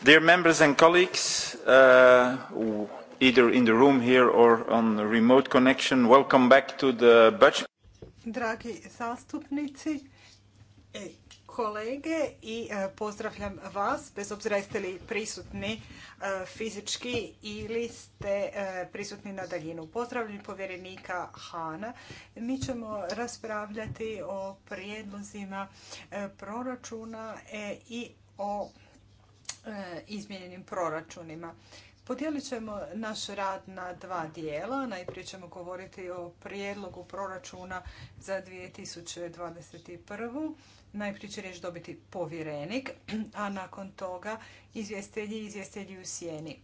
Dear members and colleagues, uh, either in the room here or on remote connection, welcome back to the budget. Dragi zastupnici kolege i e, pozdravljam vas, bez obzira jeste li prisutni e, fizički ili ste e, prisutni na daljinu. Pozdravljam povjerenika Hana. Mi ćemo raspravljati o prijedlozima proračuna i o E, izmijenjenim proračunima. Podijelit ćemo naš rad na dva dijela. Najprije ćemo govoriti o prijedlogu proračuna za 2021. Najprije će riječ dobiti povjerenik, a nakon toga izvjestelji i izvjestelji u sjeni.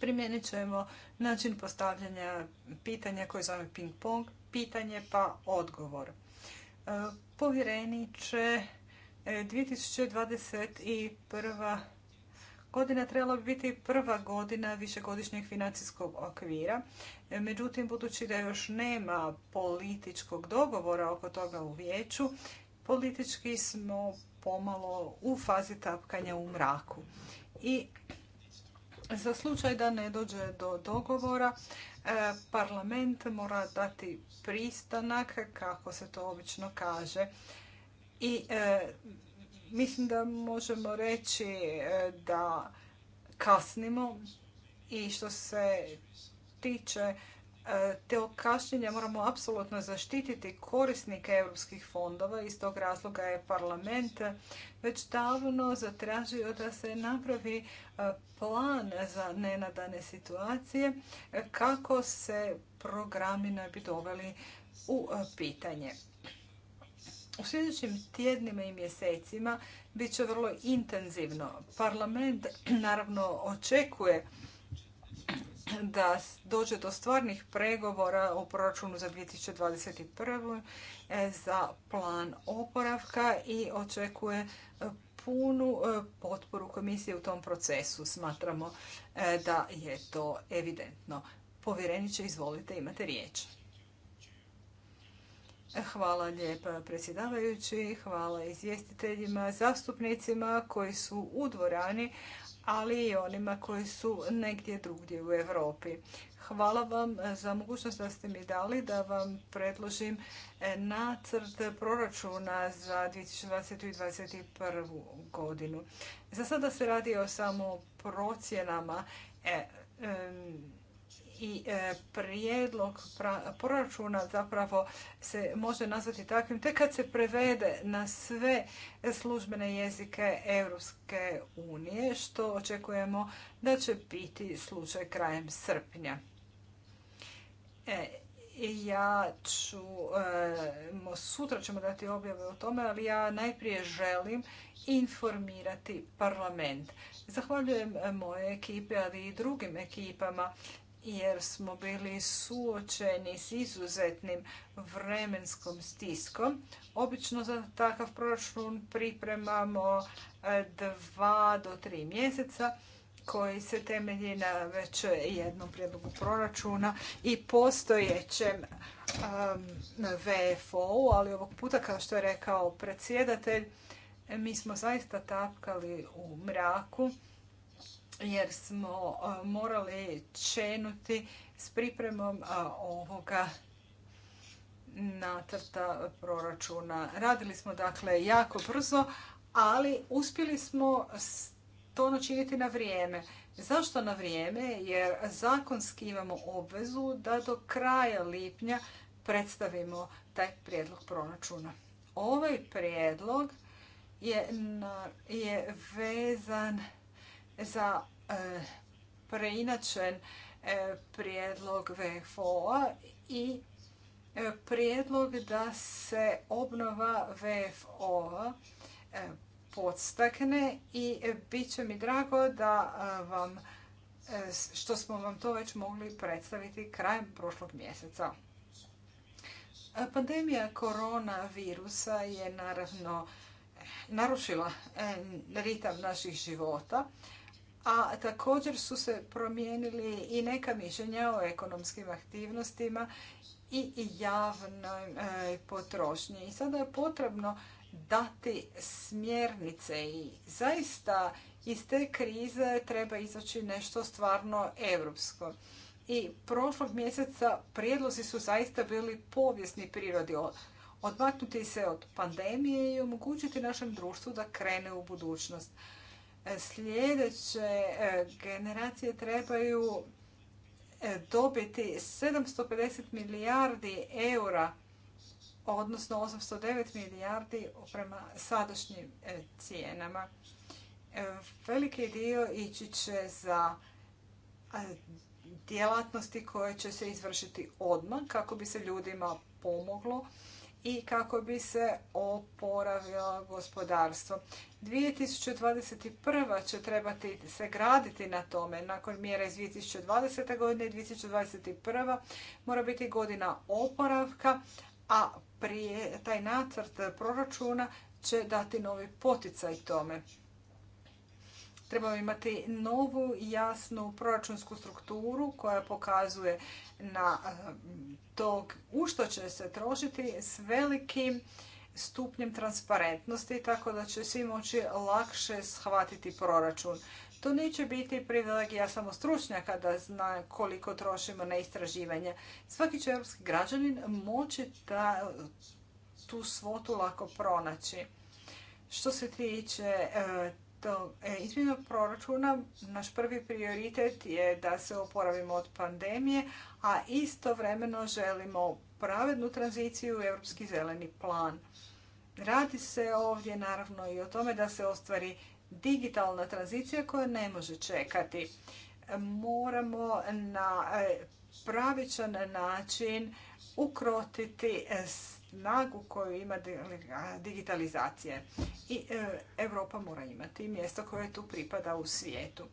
Primjenit ćemo način postavljanja pitanja koje zove ping-pong, pitanje pa odgovor. E, e, će 2021 godina trebala bi biti prva godina višegodišnjeg financijskog okvira. Međutim, budući da još nema političkog dogovora oko toga u vijeću, politički smo pomalo u fazi tapkanja u mraku. I za slučaj da ne dođe do dogovora, e, parlament mora dati pristanak, kako se to obično kaže, i e, Mislim da možemo reći e, da kasnimo i što se tiče te kašnjenja moramo apsolutno zaštititi korisnike europskih fondova. Iz tog razloga je parlament već davno zatražio da se napravi e, plan za nenadane situacije e, kako se programi ne bi doveli u pitanje. U sljedećim tjednima i mjesecima bit će vrlo intenzivno. Parlament naravno očekuje da dođe do stvarnih pregovora o proračunu za 2021. E, za plan oporavka i očekuje e, punu e, potporu komisije u tom procesu. Smatramo da je to evidentno. Povjereniče, izvolite, imate riječ. Hvala lijepa predsjedavajući, hvala izvjestiteljima, zastupnicima koji su u dvorani, ali i onima koji su negdje drugdje u Europi. Hvala vam za mogućnost da ste mi dali da vam predložim nacrt proračuna za 2020. i 2021. godinu. Za sada se radi o samo procjenama e, i e, prijedlog proračuna zapravo se može nazvati takvim tek kad se prevede na sve službene jezike Europske unije, što očekujemo da će biti slučaj krajem srpnja. E, ja ću, e, sutra ćemo dati objave o tome, ali ja najprije želim informirati parlament. Zahvaljujem moje ekipe, ali i drugim ekipama jer smo bili suočeni s izuzetnim vremenskom stiskom. Obično za takav proračun pripremamo e, dva do tri mjeseca koji se temelji na već jednom prijedlogu proračuna i postojećem VFO-u, ali ovog puta kao što je rekao predsjedatelj, mi smo zaista tapkali u mraku jer smo e, morali čenuti s pripremom e, ovoga natrta proračuna. Radili smo dakle jako brzo, ali uspjeli smo to načiniti na vrijeme. Zašto na vrijeme? Jer zakonski imamo obvezu da do kraja lipnja predstavimo taj prijedlog proračuna. Ovaj prijedlog je vezan za e, preinačen e, prijedlog VFO-a i e, prijedlog da se obnova VFO-a podstakne i bit će mi drago da vam što smo vam to već mogli predstaviti krajem prošlog mjeseca. Pandemija koronavirusa je naravno narušila ritam naših života, a također su se promijenili i neka mišljenja o ekonomskim aktivnostima i javnoj e, potrošnji. I sada je potrebno dati smjernice i zaista iz te krize treba izaći nešto stvarno europsko. I prošlog mjeseca prijedlozi su zaista bili povijesni prirodi. Odmaknuti se od pandemije i omogućiti našem društvu da krene u budućnost sljedeće e, generacije trebaju e, dobiti 750 milijardi eura, odnosno 809 milijardi prema sadašnjim e, cijenama. Veliki dio ići će za djelatnosti koje će se izvršiti odmah kako bi se ljudima pomoglo i kako bi se oporavilo gospodarstvo. 2021. će trebati se graditi na tome. Nakon mjera iz 2020. godine, 2021. mora biti godina oporavka, a prije taj nacrt proračuna će dati novi poticaj tome. Trebamo imati novu jasnu proračunsku strukturu koja pokazuje na eh, to u što će se trošiti s velikim stupnjem transparentnosti tako da će svi moći lakše shvatiti proračun. To neće biti privilegija samo stručnjaka da zna koliko trošimo na istraživanje. Svaki će europski građanin moći da tu svotu lako pronaći. Što se tiče eh, to e, izmjena proračuna naš prvi prioritet je da se oporavimo od pandemije, a istovremeno želimo pravednu tranziciju u Europski zeleni plan. Radi se ovdje naravno i o tome da se ostvari digitalna tranzicija koja ne može čekati. Moramo na e, pravičan način ukrotiti s snagu koju ima digitalizacije. I e, Europa mora imati mjesto koje tu pripada u svijetu.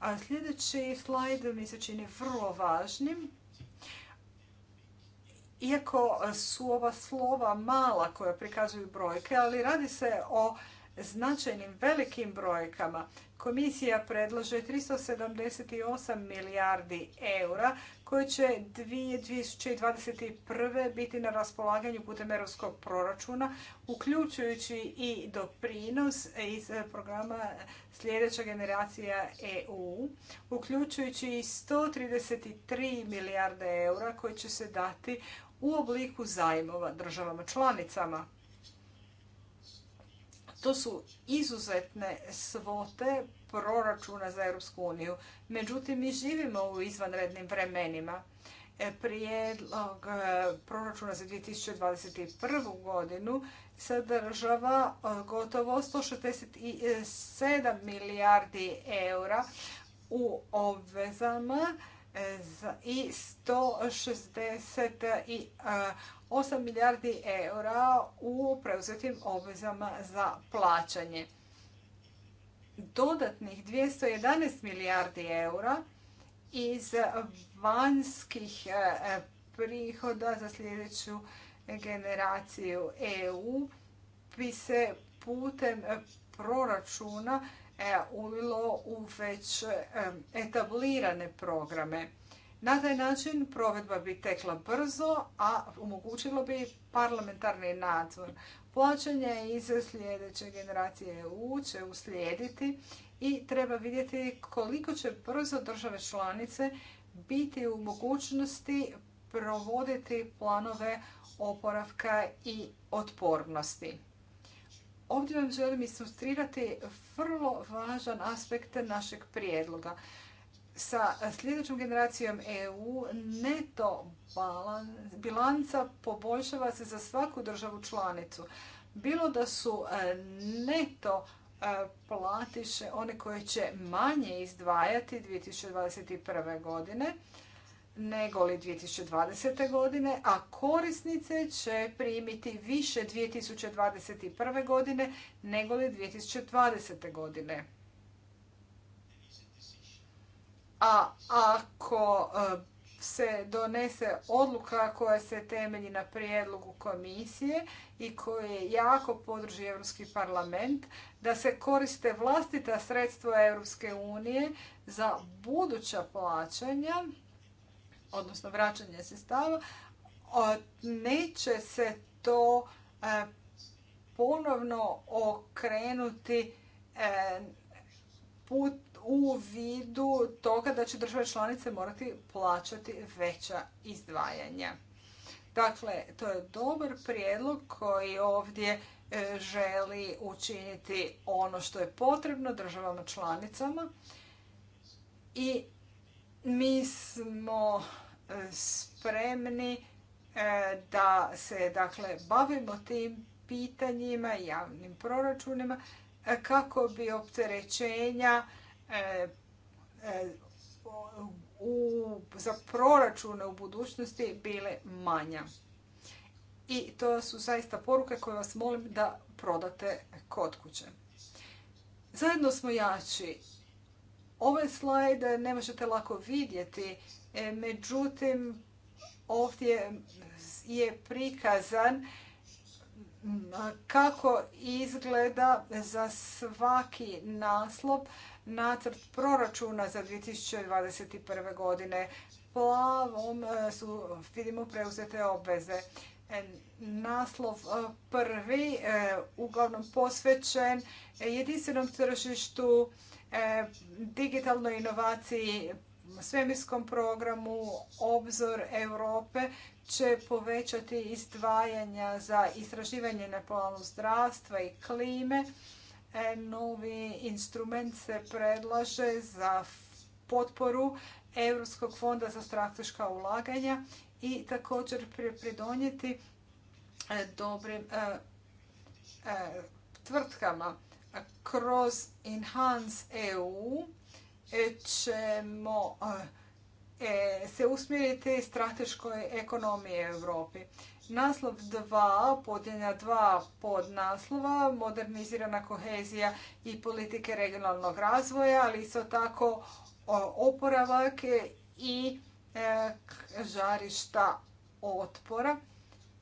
A sljedeći slajd mi se čini vrlo važnim. Iako su ova slova mala koja prikazuju brojke, ali radi se o značajnim velikim brojkama. Komisija predlaže 378 milijardi eura koji će 2021. biti na raspolaganju putem europskog proračuna, uključujući i doprinos iz programa Sljedeća generacija EU, uključujući i 133 milijarde eura koji će se dati u obliku zajmova državama članicama. To su izuzetne svote proračuna za Europsku uniju. Međutim, mi živimo u izvanrednim vremenima. E, prijedlog e, proračuna za 2021. godinu sadržava e, gotovo 167 milijardi eura u obvezama i 168 milijardi eura u preuzetim obvezama za plaćanje dodatnih 211 milijardi eura iz vanjskih e, prihoda za sljedeću generaciju EU bi se putem proračuna e, ulilo u već e, etablirane programe. Na taj način provedba bi tekla brzo, a omogućilo bi parlamentarni nadzor plaćanje iz sljedeće generacije EU će uslijediti i treba vidjeti koliko će brzo države članice biti u mogućnosti provoditi planove oporavka i otpornosti. Ovdje vam želim isustrirati vrlo važan aspekt našeg prijedloga sa sljedećom generacijom EU neto bilanca poboljšava se za svaku državu članicu. Bilo da su e, neto e, platiše one koje će manje izdvajati 2021. godine nego li 2020. godine, a korisnice će primiti više 2021. godine nego li 2020. godine a ako e, se donese odluka koja se temelji na prijedlogu komisije i koje jako podrži Europski parlament, da se koriste vlastita sredstva Europske unije za buduća plaćanja, odnosno vraćanje sredstava, neće se to e, ponovno okrenuti e, put u vidu toga da će države članice morati plaćati veća izdvajanja. Dakle, to je dobar prijedlog koji ovdje e, želi učiniti ono što je potrebno državama članicama i mi smo e, spremni e, da se dakle bavimo tim pitanjima, i javnim proračunima kako bi opterećenja za proračune u budućnosti bile manja. I to su zaista poruke koje vas molim da prodate kod kuće. Zajedno smo jači. Ove slajd ne možete lako vidjeti, e, međutim ovdje je prikazan kako izgleda za svaki naslov nacrt proračuna za 2021. godine. Plavom e, su, vidimo, preuzete obveze. E, naslov e, prvi, uglavnom posvećen jedinstvenom tržištu, digitalnoj inovaciji, svemirskom programu Obzor Europe će povećati izdvajanja za istraživanje na planu zdravstva i klime Novi instrument se predlaže za potporu Europskog fonda za strateška ulaganja i također pridonijeti e, dobrim e, e, tvrtkama. Kroz Enhance EU ćemo se usmjeriti strateškoj ekonomiji Europi. Naslov 2, podjenja 2 podnaslova, modernizirana kohezija i politike regionalnog razvoja, ali isto tako oporavake i e, žarišta otpora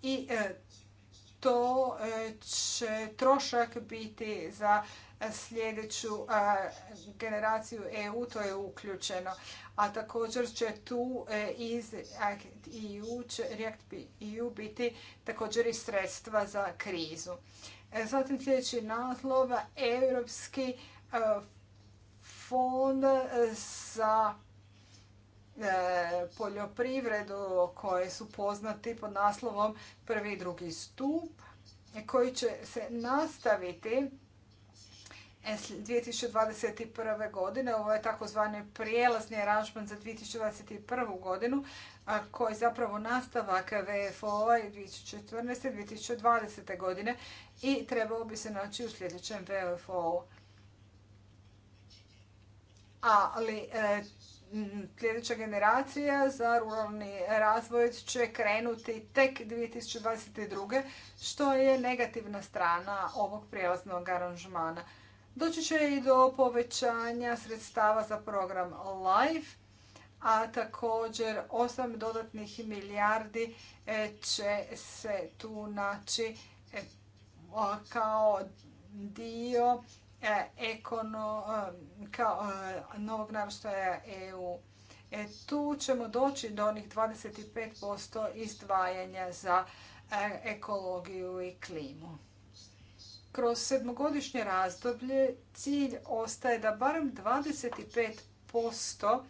i e, to e, će trošak biti za sljedeću e, generaciju EU, to je uključeno. A također će tu e, iz EU, React EU biti također i sredstva za krizu. Zatim sljedeći naslov, Europski fond za E, poljoprivredu koje su poznati pod naslovom prvi i drugi stup koji će se nastaviti 2021. E, godine. Ovo je takozvani prijelazni aranžman za 2021. godinu koji je zapravo nastavak VFO-a 2014. 2020. godine i trebao bi se naći u sljedećem VFO-u. Ali e, Mm, sljedeća generacija za ruralni razvoj će krenuti tek 2022. što je negativna strana ovog prijelaznog aranžmana. Doći će i do povećanja sredstava za program LIFE, a također 8 dodatnih milijardi e, će se tu naći e, kao dio E, e, kao e, novog naroštaja EU. tu ćemo doći do onih 25% izdvajanja za ekologiju i klimu. Kroz sedmogodišnje razdoblje cilj ostaje da barem 25%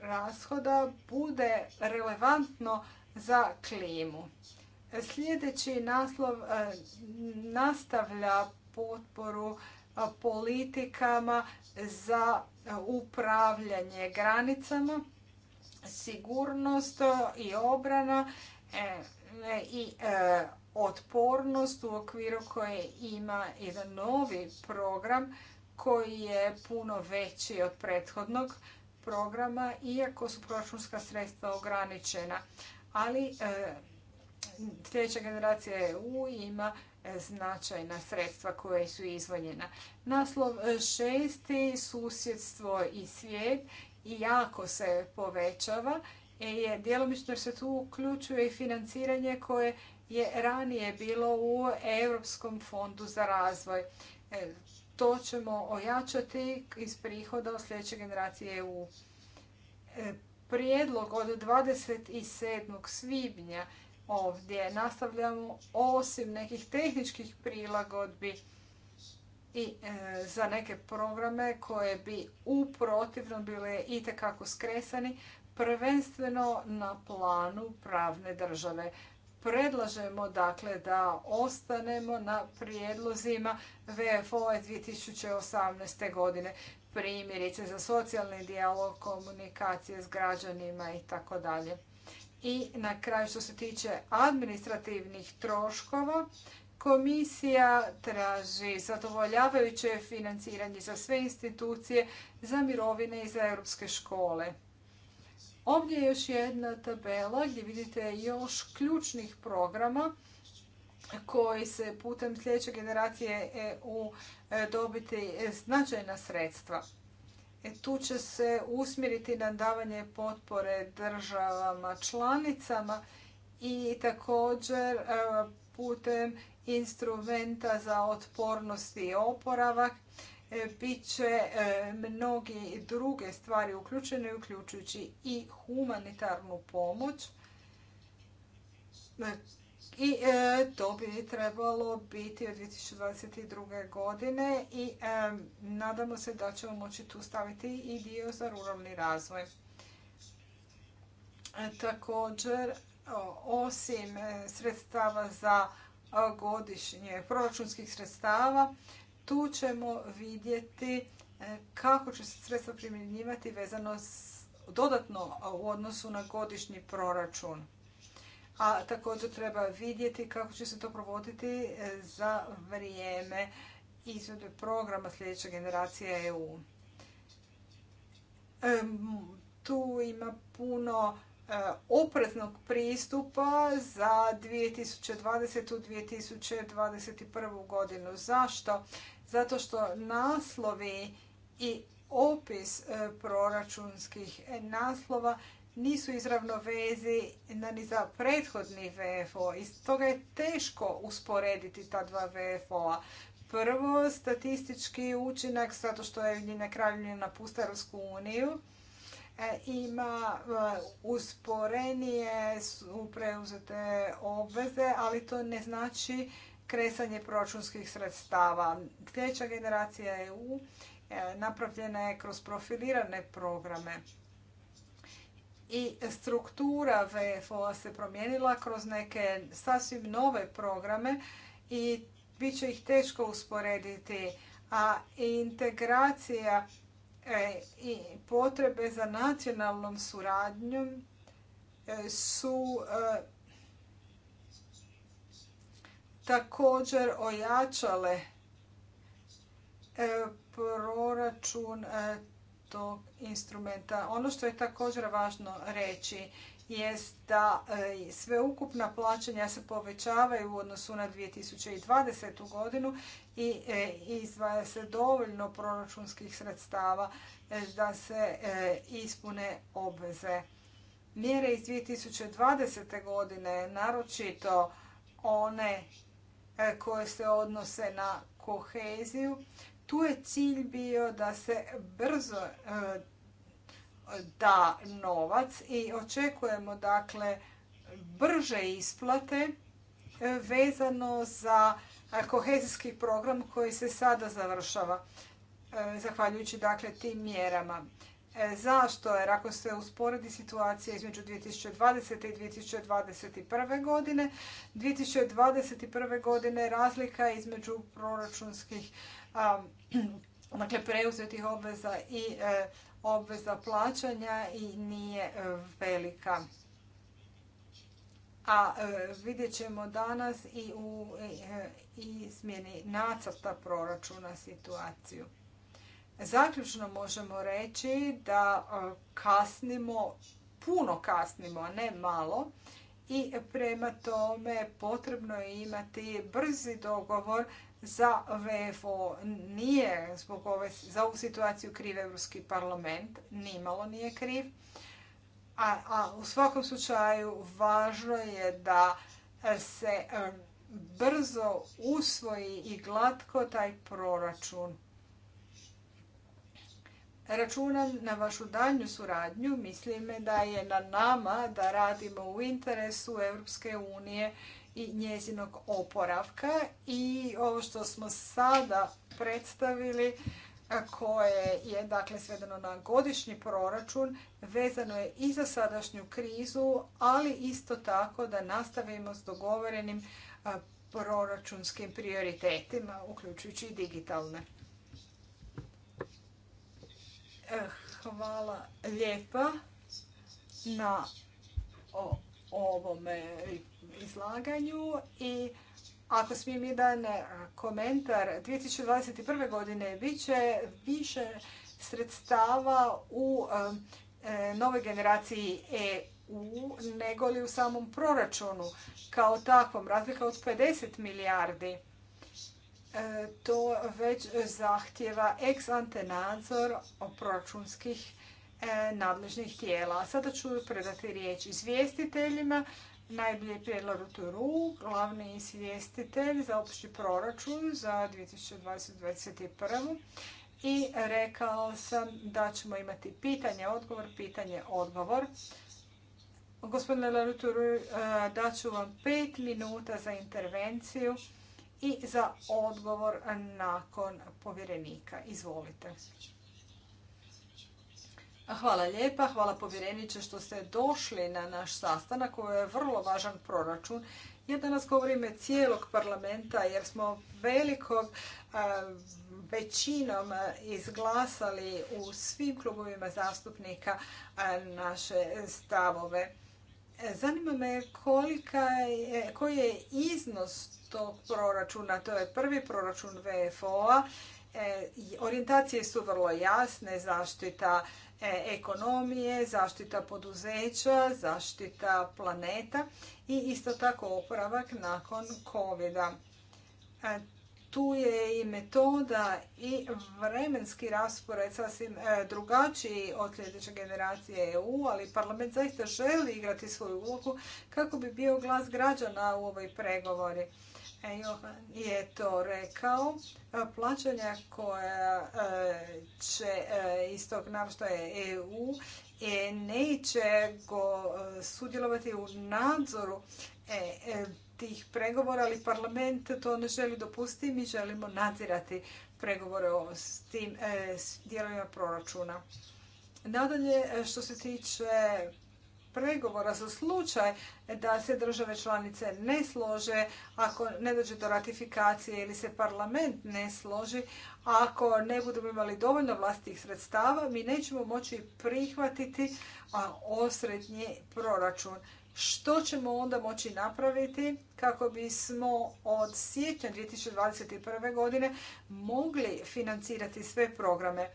rashoda bude relevantno za klimu. Sljedeći naslov nastavlja potporu e, politikama za upravljanje granicama, sigurnost e, i obrana e, i otpornost u okviru koje ima jedan novi program koji je puno veći od prethodnog programa, iako su proračunska sredstva ograničena. Ali sljedeća generacija EU ima E, značajna sredstva koja su izvanjena. Naslov e, šesti, susjedstvo i svijet, i jako se povećava e, je djelomično se tu uključuje i financiranje koje je ranije bilo u Europskom fondu za razvoj. To ćemo ojačati iz prihoda od sljedeće generacije EU. Prijedlog od 27. svibnja ovdje. Nastavljamo osim nekih tehničkih prilagodbi i e, za neke programe koje bi u protivnom bile itekako skresani, prvenstveno na planu pravne države. Predlažemo dakle da ostanemo na prijedlozima VFO 2018. godine, primjerice za socijalni dijalog, komunikacije s građanima i tako dalje. I na kraju što se tiče administrativnih troškova, komisija traži zadovoljavajuće financiranje za sve institucije, za mirovine i za europske škole. Ovdje je još jedna tabela gdje vidite još ključnih programa koji se putem sljedeće generacije EU e, dobiti značajna sredstva tu će se usmjeriti na davanje potpore državama članicama i također e, putem instrumenta za otpornost i oporavak e, bit će e, mnogi druge stvari uključene, uključujući i humanitarnu pomoć i e, to bi trebalo biti od 2022. godine i e, nadamo se da ćemo moći tu staviti i dio za ruralni razvoj. E, također, osim sredstava za godišnje proračunskih sredstava, tu ćemo vidjeti kako će se sredstva primjenjivati vezano dodatno u odnosu na godišnji proračun a također treba vidjeti kako će se to provoditi e, za vrijeme izvedbe programa sljedeće generacije EU. E, tu ima puno e, opreznog pristupa za 2020. 2021. godinu. Zašto? Zato što naslovi i opis proračunskih naslova nisu izravno ni za prethodni VFO i stoga je teško usporediti ta dva VFO-a. Prvo, statistički učinak, zato što je Ujedinjena kraljevina napusta Europsku uniju, e, ima e, usporenije su preuzete obveze, ali to ne znači kresanje proračunskih sredstava. Sljedeća generacija EU e, napravljena je kroz profilirane programe i struktura VFO-a se promijenila kroz neke sasvim nove programe i bit će ih teško usporediti, a integracija e, i potrebe za nacionalnom suradnjom e, su e, također ojačale proračun tog instrumenta. Ono što je također važno reći jest da e, sve ukupna plaćanja se povećavaju u odnosu na 2020. godinu i e, izdvaja se dovoljno proračunskih sredstava e, da se ispune obveze. Mjere iz 2020. godine, naročito one koje se odnose na koheziju, tu je cilj bio da se brzo eh, da novac i očekujemo dakle brže isplate eh, vezano za eh, kohezijski program koji se sada završava zahvaljujući dakle tim mjerama. E, zašto? Jer ako se usporedi situacija između 2020. i 2021. godine, 2021. godine razlika između proračunskih dakle preuzetih obveza i e, obveza plaćanja i nije e, velika. A vidjet ćemo danas i u izmjeni smjeni nacrta proračuna situaciju. Zaključno možemo reći da e, kasnimo, puno kasnimo, a ne malo, i prema tome potrebno je imati brzi dogovor za VFO. Nije zbog ove, za ovu situaciju kriv Europski parlament, nimalo nije kriv. A, a u svakom slučaju važno je da e, se e, brzo usvoji i glatko taj proračun. Računam na vašu daljnju suradnju. Mislim da je na nama da radimo u interesu Europske unije i njezinog oporavka i ovo što smo sada predstavili koje je dakle svedeno na godišnji proračun vezano je i za sadašnju krizu, ali isto tako da nastavimo s dogovorenim proračunskim prioritetima, uključujući i digitalne. Eh, hvala lijepa na ovome izlaganju i ako smijem jedan komentar, 2021. godine bit će više sredstava u eh, eh, nove generaciji EU nego li u samom proračunu kao takvom, razlika od 50 milijardi. E, to već zahtjeva ex ante nadzor proračunskih e, nadležnih tijela. Sada ću predati riječ izvjestiteljima. Najbolji je glavni izvjestitelj za opći proračun za 2021 I rekao sam da ćemo imati pitanje, odgovor, pitanje, odgovor. Gospodine Leruturu, daću vam pet minuta za intervenciju i za odgovor nakon povjerenika. Izvolite. Hvala lijepa, hvala povjereniče što ste došli na naš sastanak. koji je vrlo važan proračun. Ja danas govorim cijelog parlamenta jer smo velikom većinom izglasali u svim klubovima zastupnika naše stavove. E, zanima me kolika koji je iznos tog proračuna. To je prvi proračun VFO-a. E, orijentacije su vrlo jasne, zaštita e, ekonomije, zaštita poduzeća, zaštita planeta i isto tako oporavak nakon covid -a. E, tu je i metoda i vremenski raspored sasvim e, drugačiji od sljedeće generacije EU, ali parlament zaista želi igrati svoju ulogu kako bi bio glas građana u ovoj pregovori. E, Johan je to rekao. E, plaćanja koja će iz tog je EU neće go sudjelovati u nadzoru tih pregovora, ali parlament to ne želi dopustiti mi želimo nadzirati pregovore o e, s tim dijelovima proračuna. Nadalje, što se tiče pregovora za slučaj da se države članice ne slože ako ne dođe do ratifikacije ili se parlament ne složi, ako ne budemo imali dovoljno vlastitih sredstava, mi nećemo moći prihvatiti osrednji proračun što ćemo onda moći napraviti kako bismo od siječnja 2021. godine mogli financirati sve programe.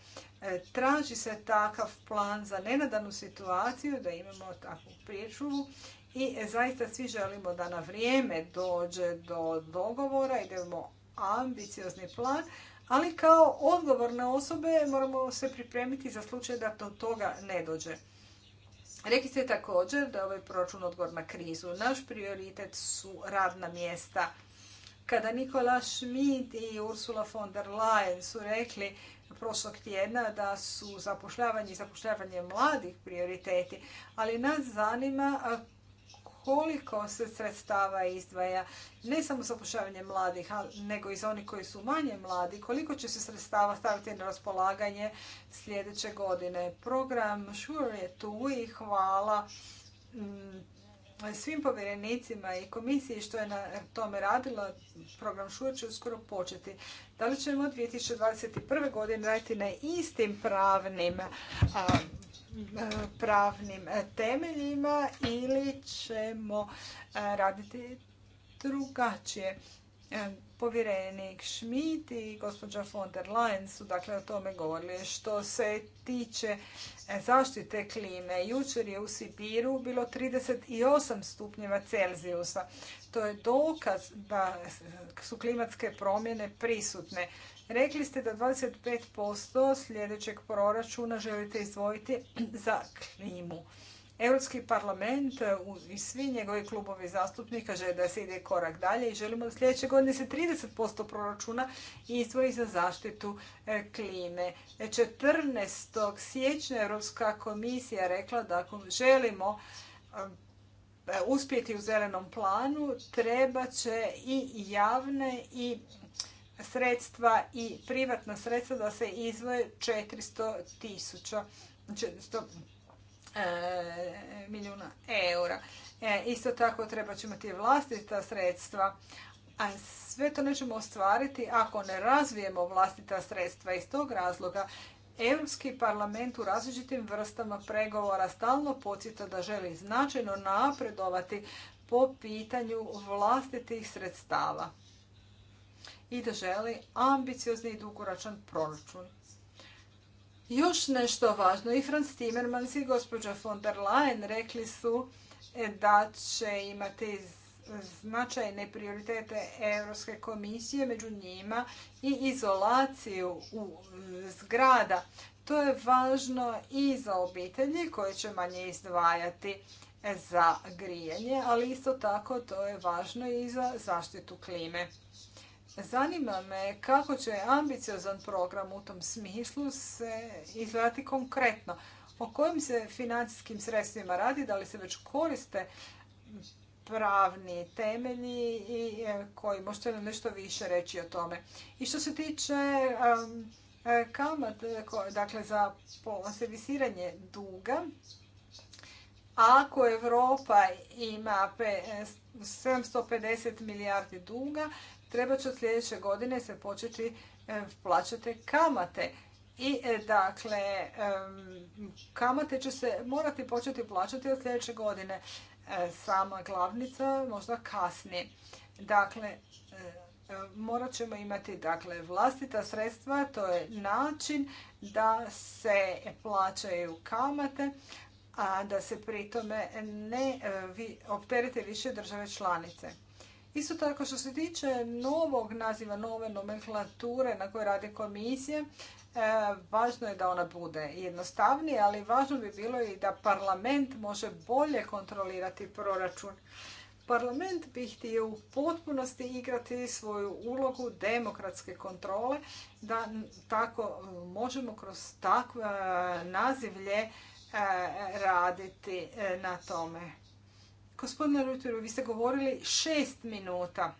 E, traži se takav plan za nenadanu situaciju, da imamo takvu priječuvu i zaista svi želimo da na vrijeme dođe do dogovora, idemo ambiciozni plan, ali kao odgovorne osobe moramo se pripremiti za slučaj da do toga ne dođe. Rekli ste također da je ovaj proračun odgovor na krizu. Naš prioritet su radna mjesta. Kada Nikola Schmidt i Ursula von der Leyen su rekli prošlog tjedna da su zapošljavanje i zapošljavanje mladih prioriteti, ali nas zanima koliko se sredstava izdvaja, ne samo za upošljavanje mladih, nego i za oni koji su manje mladi, koliko će se sredstava staviti na raspolaganje sljedeće godine. Program Sure je tu i hvala mm, svim povjerenicima i komisiji što je na tome radila, program Šur će uskoro početi. Da li ćemo 2021. godine raditi na istim pravnim pravnim temeljima ili ćemo e, raditi drugačije. E, povjerenik Schmidt i gospođa von der Leyen su dakle o tome govorili. Što se tiče e, zaštite klime, jučer je u Sibiru bilo 38 stupnjeva Celzijusa. To je dokaz da su klimatske promjene prisutne. Rekli ste da 25% sljedećeg proračuna želite izdvojiti za klimu. Europski parlament i svi njegovi klubovi zastupnika žele da se ide korak dalje i želimo da sljedeće godine se 30% proračuna izdvoji za zaštitu e, klime. 14. E, siječnja Europska komisija rekla da ako želimo E, uspjeti u zelenom planu, treba će i javne i sredstva i privatna sredstva da se izvoje 400 tisuća, e, milijuna eura. E, isto tako treba će imati vlastita sredstva, a sve to nećemo ostvariti ako ne razvijemo vlastita sredstva. Iz tog razloga Europski parlament u različitim vrstama pregovora stalno podsjeta da želi značajno napredovati po pitanju vlastitih sredstava i da želi ambiciozni i dugoročan proračun. Još nešto važno, i Franz Timmermans i gospođa von der Leyen rekli su e, da će imati značajne prioritete Europske komisije, među njima i izolaciju u zgrada. To je važno i za obitelji koje će manje izdvajati za grijanje, ali isto tako to je važno i za zaštitu klime. Zanima me kako će ambiciozan program u tom smislu se izgledati konkretno. O kojim se financijskim sredstvima radi, da li se već koriste pravni temelji i e, koji možete nam nešto više reći o tome. I što se tiče e, kamate, dakle za servisiranje duga, ako Europa ima 750 e, milijardi duga, treba će od sljedeće godine se početi plaćati kamate. I dakle, kamate će se morati početi plaćati od sljedeće godine. E, sama glavnica možda kasnije. Dakle, e, morat ćemo imati dakle, vlastita sredstva, to je način da se plaćaju kamate, a da se pri tome ne e, opterete više države članice. Isto tako što se tiče novog naziva, nove nomenklature na kojoj radi komisija, e, važno je da ona bude jednostavnija, ali važno bi bilo i da parlament može bolje kontrolirati proračun. Parlament bi htio u potpunosti igrati svoju ulogu demokratske kontrole, da tako možemo kroz takve nazivlje e, raditi e, na tome. Gospodine Rutiru, vi ste govorili šest minuta.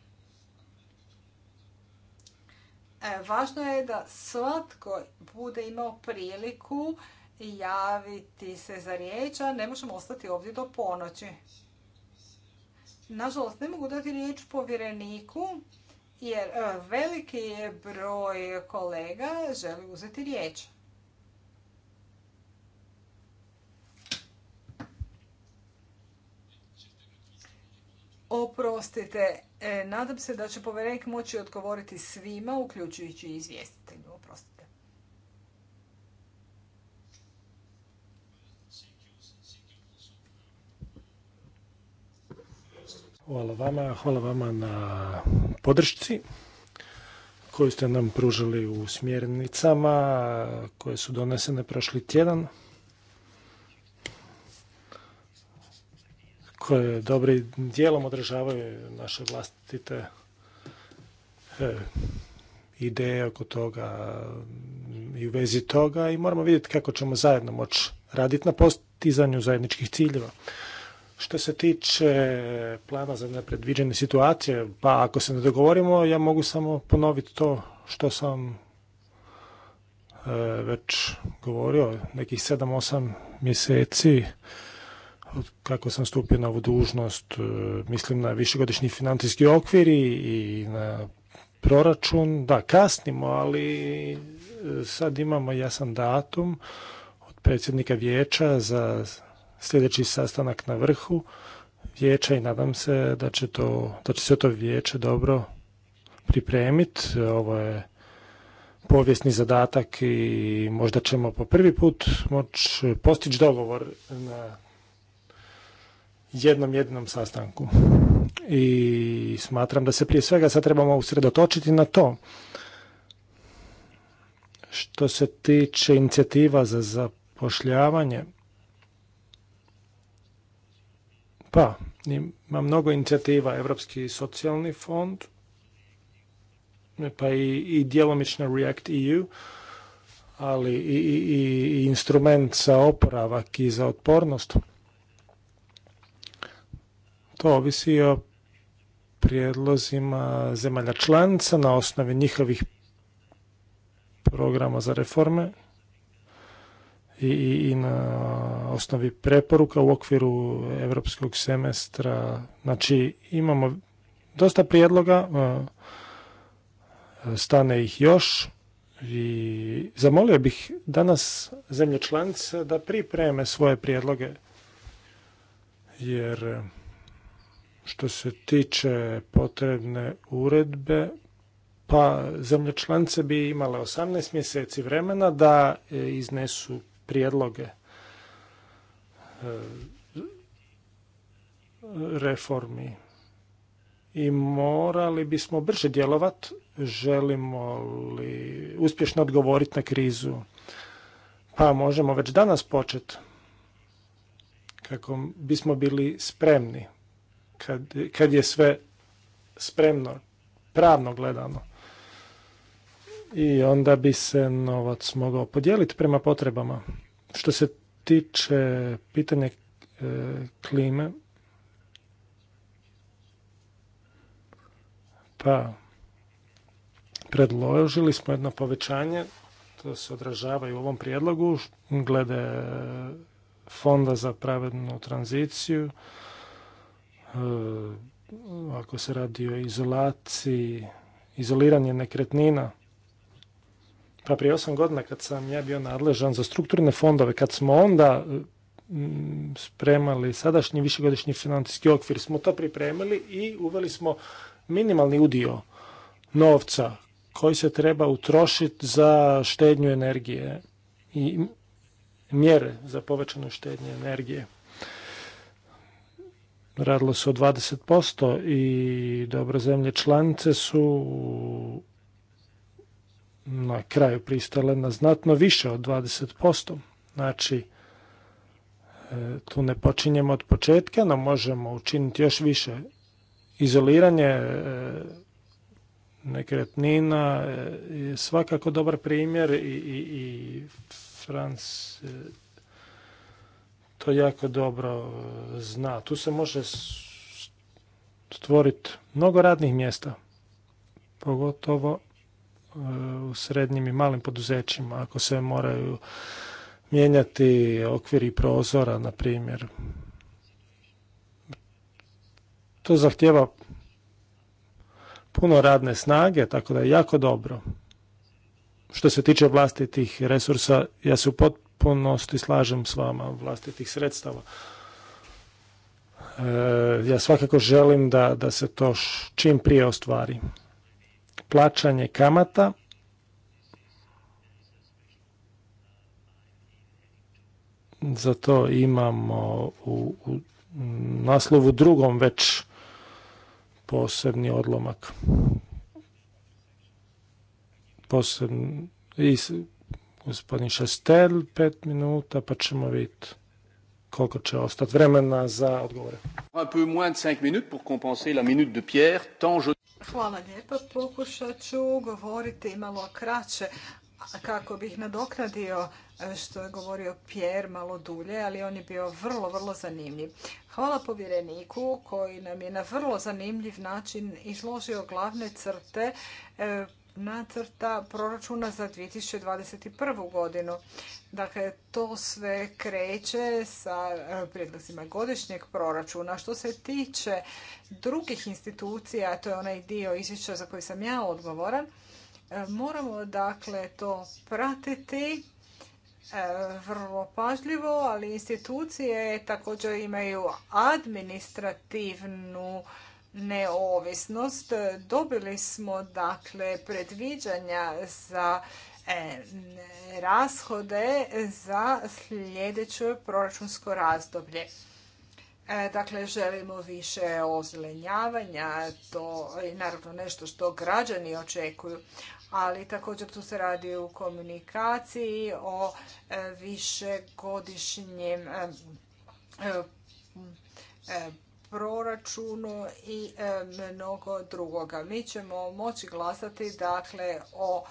E, važno je da svatko bude imao priliku javiti se za riječ, a ne možemo ostati ovdje do ponoći. Nažalost, ne mogu dati riječ povjereniku, jer e, veliki je broj kolega želi uzeti riječ. Oprostite, e, nadam se da će povjerenik moći odgovoriti svima, uključujući i izvjestitelju. Oprostite. Hvala vama, hvala vama na podršci koju ste nam pružili u smjernicama koje su donesene prošli tjedan. koje dobri dijelom održavaju naše vlastite e, ideje oko toga i u vezi toga i moramo vidjeti kako ćemo zajedno moći raditi na postizanju zajedničkih ciljeva. Što se tiče plana za nepredviđene situacije, pa ako se ne dogovorimo, ja mogu samo ponoviti to što sam e, već govorio, nekih 7-8 mjeseci kako sam stupio na ovu dužnost, e, mislim na višegodišnji financijski okvir i na proračun. Da, kasnimo, ali e, sad imamo jasan datum od predsjednika vijeća za sljedeći sastanak na vrhu vijeća i nadam se da će, to, da će se to vijeće dobro pripremiti. Ovo je povijesni zadatak i možda ćemo po prvi put moći postići dogovor na jednom jednom sastanku. I smatram da se prije svega sad trebamo usredotočiti na to. Što se tiče inicijativa za zapošljavanje, pa, ima mnogo inicijativa, Europski socijalni fond, pa i, i djelomično React EU, ali i, i, i instrument za oporavak i za otpornost. To ovisi o prijedlozima zemalja članica na osnovi njihovih programa za reforme i, i na osnovi preporuka u okviru europskog semestra. Znači imamo dosta prijedloga, e, stane ih još i zamolio bih danas zemlje članice da pripreme svoje prijedloge jer što se tiče potrebne uredbe, pa zemlje članice bi imale 18 mjeseci vremena da iznesu prijedloge e, reformi i morali bismo brže djelovati želimo li uspješno odgovoriti na krizu. Pa možemo već danas početi kako bismo bili spremni kad, kad je sve spremno, pravno gledano. I onda bi se novac mogao podijeliti prema potrebama. Što se tiče pitanja e, klime, pa predložili smo jedno povećanje, to se odražava i u ovom prijedlogu, glede fonda za pravednu tranziciju Eh, ako se radi o izolaciji, izoliranje nekretnina. Pa prije osam godina kad sam ja bio nadležan za strukturne fondove, kad smo onda mm, spremali sadašnji višegodišnji financijski okvir, smo to pripremili i uveli smo minimalni udio novca koji se treba utrošiti za štednju energije i mjere za povećanu štednju energije radilo se o 20% i dobro zemlje članice su na kraju pristale na znatno više od 20%. Znači, e, tu ne počinjemo od početka, no možemo učiniti još više izoliranje e, nekretnina e, je svakako dobar primjer i, i, to jako dobro e, zna. Tu se može stvoriti mnogo radnih mjesta, pogotovo e, u srednjim i malim poduzećima, ako se moraju mijenjati okviri prozora, na primjer. To zahtjeva puno radne snage, tako da je jako dobro. Što se tiče vlastitih resursa, ja se u potpunosti slažem s vama vlastitih sredstava. E, ja svakako želim da, da se to čim prije ostvari. Plaćanje kamata za to imamo u, u naslovu drugom već posebni odlomak. Posebni, Gospodin Šestel, pet minuta, pa ćemo vidjeti koliko će ostati vremena za odgovore. Hvala lijepa, pokušat ću govoriti malo kraće kako bih nadoknadio e, što je govorio Pierre malo dulje, ali on je bio vrlo, vrlo zanimljiv. Hvala povjereniku koji nam je na vrlo zanimljiv način izložio glavne crte e, nacrta proračuna za 2021. godinu. Dakle, to sve kreće sa e, prijedlozima godišnjeg proračuna. Što se tiče drugih institucija, to je onaj dio izvješća za koji sam ja odgovoran, e, moramo dakle to pratiti e, vrlo pažljivo, ali institucije također imaju administrativnu neovisnost. Dobili smo dakle predviđanja za e, rashode za sljedeće proračunsko razdoblje. E, dakle, želimo više ozelenjavanja, to je naravno nešto što građani očekuju, ali također tu se radi u komunikaciji o više višegodišnjem e, proračunu i e, mnogo drugoga. Mi ćemo moći glasati dakle o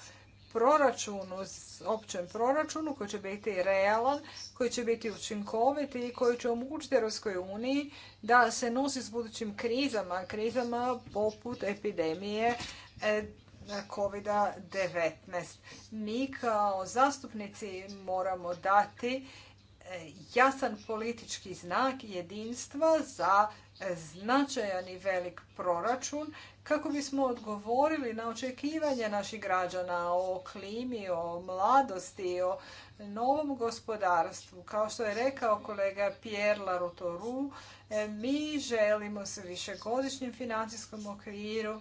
proračunu, općem proračunu koji će biti realan, koji će biti učinkovit i koji će omogućiti Europskoj uniji da se nosi s budućim krizama, krizama poput epidemije e, COVID-19. Mi kao zastupnici moramo dati e, jasan politički znak jedinstva za značajan i velik proračun kako bismo odgovorili na očekivanje naših građana o klimi, o mladosti, o novom gospodarstvu. Kao što je rekao kolega Pierre Larotoru, e, mi želimo se višegodišnjem financijskom okviru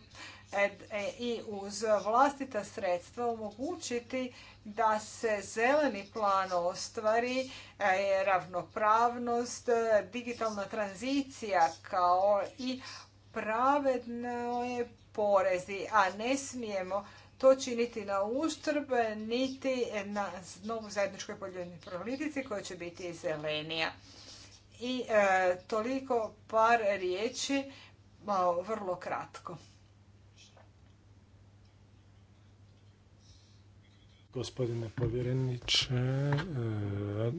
E, i uz vlastita sredstva omogućiti da se zeleni plan ostvari, e, ravnopravnost, digitalna tranzicija kao i pravedno je porezi, a ne smijemo to činiti na uštrb niti na novu zajedničkoj poljoprivrednoj politici koja će biti zelenija. I e, toliko par riječi, vrlo kratko. Gospodine povjereniče, e,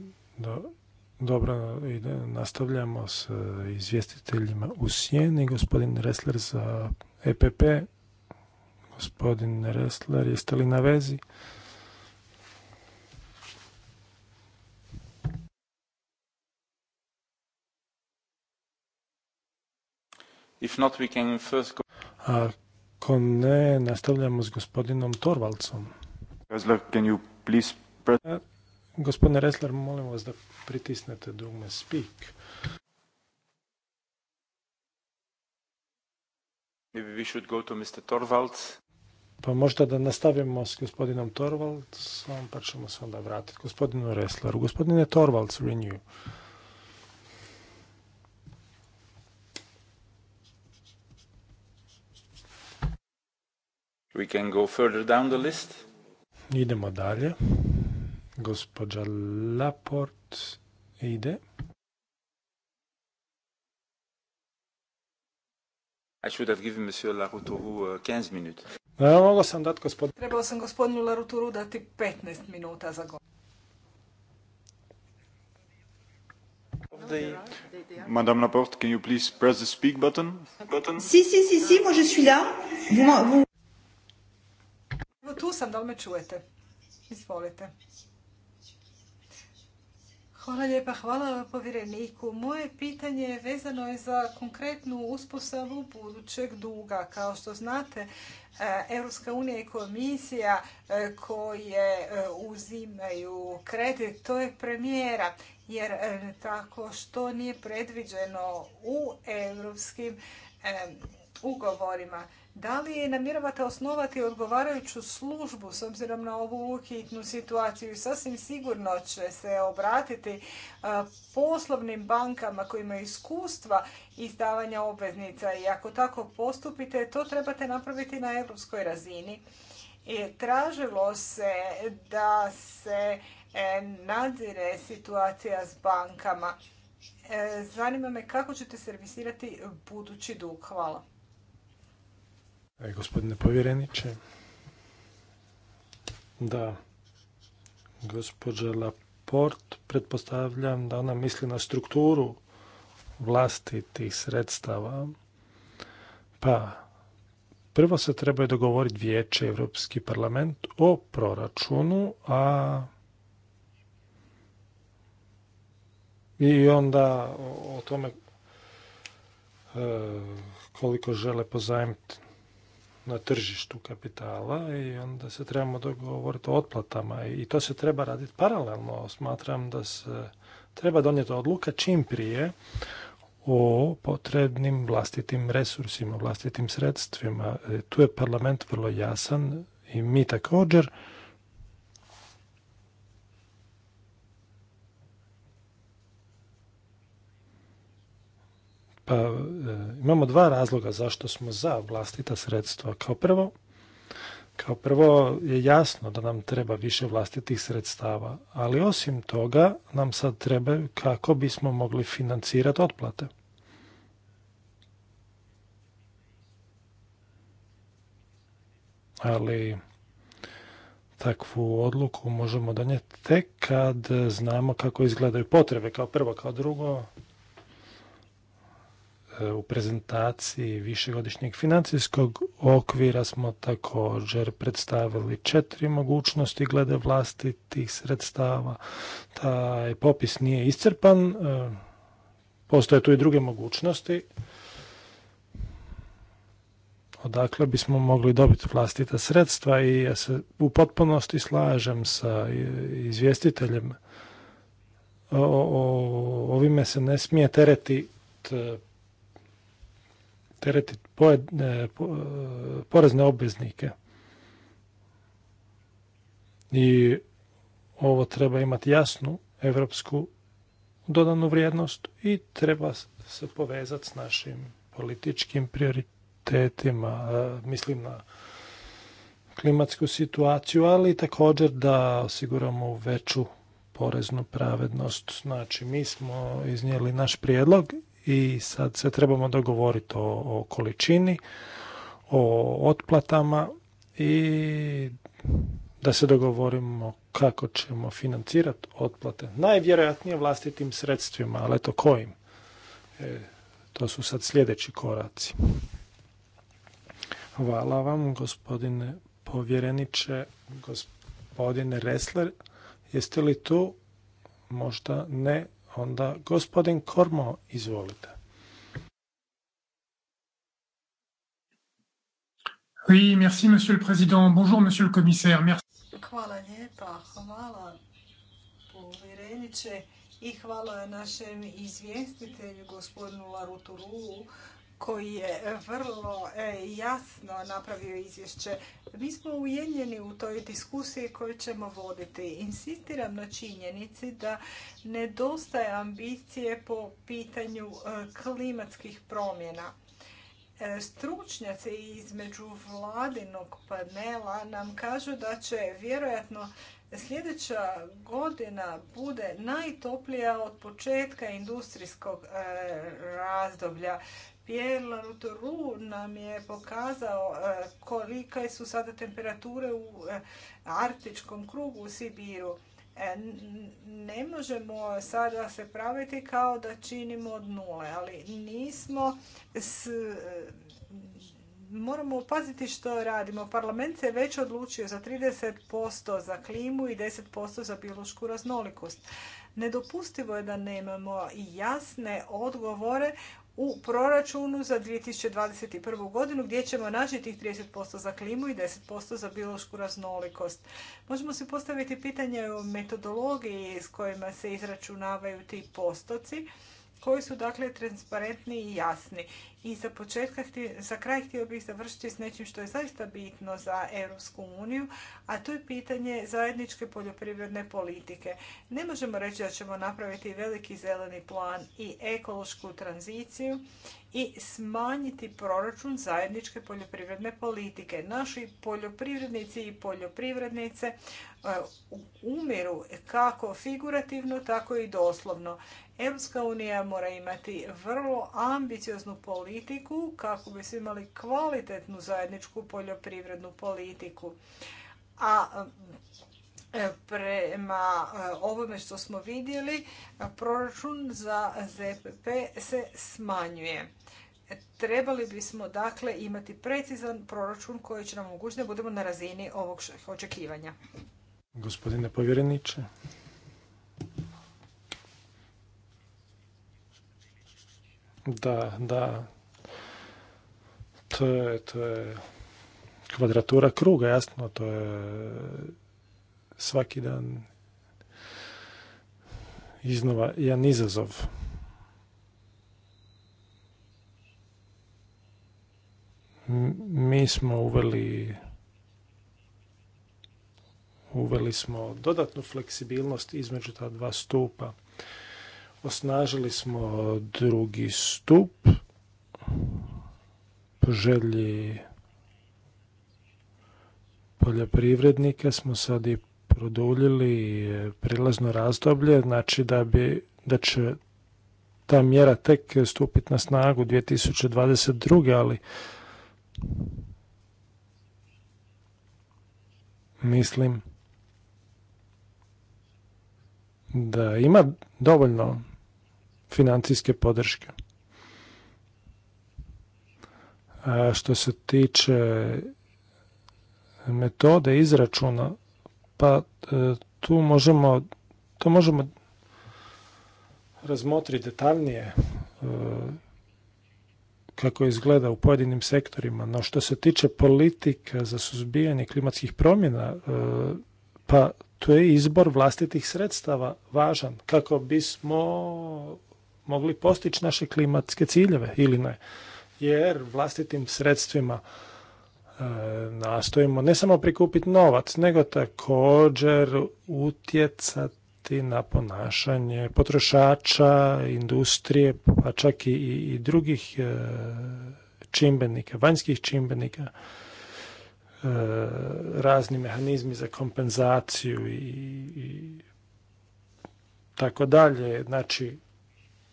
dobro nastavljamo s e, izvjestiteljima u sjeni. Gospodin Resler za EPP. Gospodin Resler, jeste li na vezi? Ako ne, nastavljamo s gospodinom Torvalcom. Resler, can you please press... E, gospodine Ressler, molim vas da pritisnete dugme speak. Maybe we should go to Mr. Torvalds. Pa možda da nastavimo s gospodinom Torvaldsom, pa ćemo se onda vratiti gospodinu Resleru. Gospodine Torvalds, renew. We can go further down the list. Idemo dalje. Gospođa Laport ide. I should have given Monsieur Laroutourou 15 uh, minutes. Ja, mogao sam dati gospodinu... Trebao sam gospodinu Laroutourou dati 15 minuta za govor. Madame Laporte, can you please press the speak button? button? Si, si, si, si, moi je suis là. Vous, vous... Tu sam, da li me čujete? Izvolite. Hvala lijepa, hvala povjereniku. Moje pitanje vezano je za konkretnu uspostavu budućeg duga. Kao što znate, e, Europska unija i komisija e, koje e, uzimaju kredit, to je premijera, jer tako što nije predviđeno u europskim ugovorima. Da li je namjeravate osnovati odgovarajuću službu s obzirom na ovu hitnu situaciju? Sasvim sigurno će se obratiti e, poslovnim bankama koji imaju iskustva izdavanja obveznica i ako tako postupite, to trebate napraviti na europskoj razini. E, tražilo se da se e, nadzire situacija s bankama. Zanima me kako ćete servisirati budući dug. Hvala. E, gospodine povjereniče, da, gospođa Laport, pretpostavljam da ona misli na strukturu vlastitih sredstava, pa prvo se trebaju dogovoriti vijeće Europski parlament o proračunu, a i onda o tome e, koliko žele pozajmiti na tržištu kapitala i onda se trebamo dogovoriti o otplatama i to se treba raditi paralelno. Smatram da se treba donijeti odluka čim prije o potrebnim vlastitim resursima, vlastitim sredstvima. E, tu je parlament vrlo jasan i mi također E, imamo dva razloga zašto smo za vlastita sredstva. Kao prvo, kao prvo je jasno da nam treba više vlastitih sredstava, ali osim toga nam sad treba kako bismo mogli financirati otplate. Ali takvu odluku možemo donijeti tek kad znamo kako izgledaju potrebe kao prvo, kao drugo. E, u prezentaciji višegodišnjeg financijskog okvira smo također predstavili četiri mogućnosti glede vlastitih sredstava. Taj popis nije iscrpan, e, postoje tu i druge mogućnosti. Odakle bismo mogli dobiti vlastita sredstva i ja se u potpunosti slažem sa izvjestiteljem ovime se ne smije tereti teretiti e, porezne obveznike. I ovo treba imati jasnu evropsku dodanu vrijednost i treba se povezati s našim političkim prioritetima. E, mislim na klimatsku situaciju, ali također da osiguramo veću poreznu pravednost. Znači, mi smo iznijeli naš prijedlog i sad se trebamo dogovoriti o, količini, o otplatama i da se dogovorimo kako ćemo financirati otplate. Najvjerojatnije vlastitim sredstvima, ali to kojim. E, to su sad sljedeći koraci. Hvala vam, gospodine povjereniče, gospodine Resler. Jeste li tu? Možda ne onda gospodin Kormo, izvolite. Oui, merci monsieur le président. Bonjour monsieur le commissaire. Merci. Hvala lijepa, hvala povjereniče i hvala našem izvjestitelju gospodinu Laruturu koji je e, vrlo e, jasno napravio izvješće. Mi smo ujedljeni u toj diskusiji koju ćemo voditi. Insistiram na činjenici da nedostaje ambicije po pitanju e, klimatskih promjena. Stručnjaci između vladinog panela nam kažu da će vjerojatno sljedeća godina bude najtoplija od početka industrijskog razdoblja Pierre Utoru nam je pokazao e, kolike su sada temperature u e, artičkom krugu u Sibiru. E, ne možemo sada se praviti kao da činimo od nule, ali nismo s, moramo paziti što radimo. Parlament se već odlučio za 30% za klimu i 10% za biološku raznolikost. Nedopustivo je da nemamo jasne odgovore u proračunu za 2021. godinu gdje ćemo naći tih 30% za klimu i 10% za biološku raznolikost. Možemo se postaviti pitanje o metodologiji s kojima se izračunavaju ti postoci koji su dakle transparentni i jasni. I za početka, za kraj htio bih završiti s nečim što je zaista bitno za Europsku uniju, a to je pitanje zajedničke poljoprivredne politike. Ne možemo reći da ćemo napraviti veliki zeleni plan i ekološku tranziciju i smanjiti proračun zajedničke poljoprivredne politike. Naši poljoprivrednici i poljoprivrednice e, umiru kako figurativno, tako i doslovno. Europska unija mora imati vrlo ambicioznu politiku kako bi se imali kvalitetnu zajedničku poljoprivrednu politiku. A e, prema e, ovome što smo vidjeli, proračun za ZPP se smanjuje. Trebali bismo dakle imati precizan proračun koji će nam omogućiti da budemo na razini ovog očekivanja. Gospodine povjereniče. Da, da. To je, to je kvadratura kruga, jasno, to je svaki dan iznova jedan izazov. mi smo uveli uveli smo dodatnu fleksibilnost između ta dva stupa. Osnažili smo drugi stup po želji poljoprivrednika smo sad i produljili prilazno razdoblje, znači da, bi, da će ta mjera tek stupiti na snagu 2022. ali Mislim da ima dovoljno financijske podrške. A što se tiče metode izračuna, pa e, tu možemo, to možemo razmotriti detaljnije e, kako izgleda u pojedinim sektorima. No što se tiče politika za suzbijanje klimatskih promjena, e, pa tu je izbor vlastitih sredstava važan kako bismo mogli postići naše klimatske ciljeve ili ne. Jer vlastitim sredstvima e, nastojimo ne samo prikupiti novac, nego također utjecati na ponašanje potrošača, industrije, pa čak i, drugih e, čimbenika, vanjskih čimbenika, e, razni mehanizmi za kompenzaciju i, tako dalje. Znači,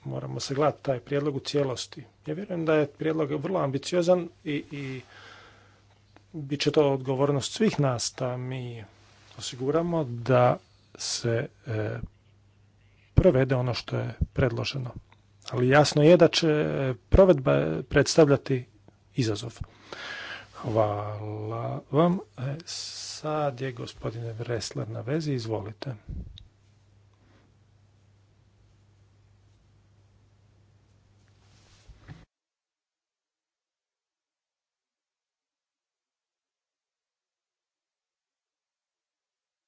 moramo se taj prijedlog u cijelosti. Ja vjerujem da je prijedlog vrlo ambiciozan i, i bit će to odgovornost svih nas da mi osiguramo da se e, provede ono što je predloženo. Ali jasno je da će e, provedba predstavljati izazov. Hvala vam. E, sad je gospodine Vresler na vezi, izvolite.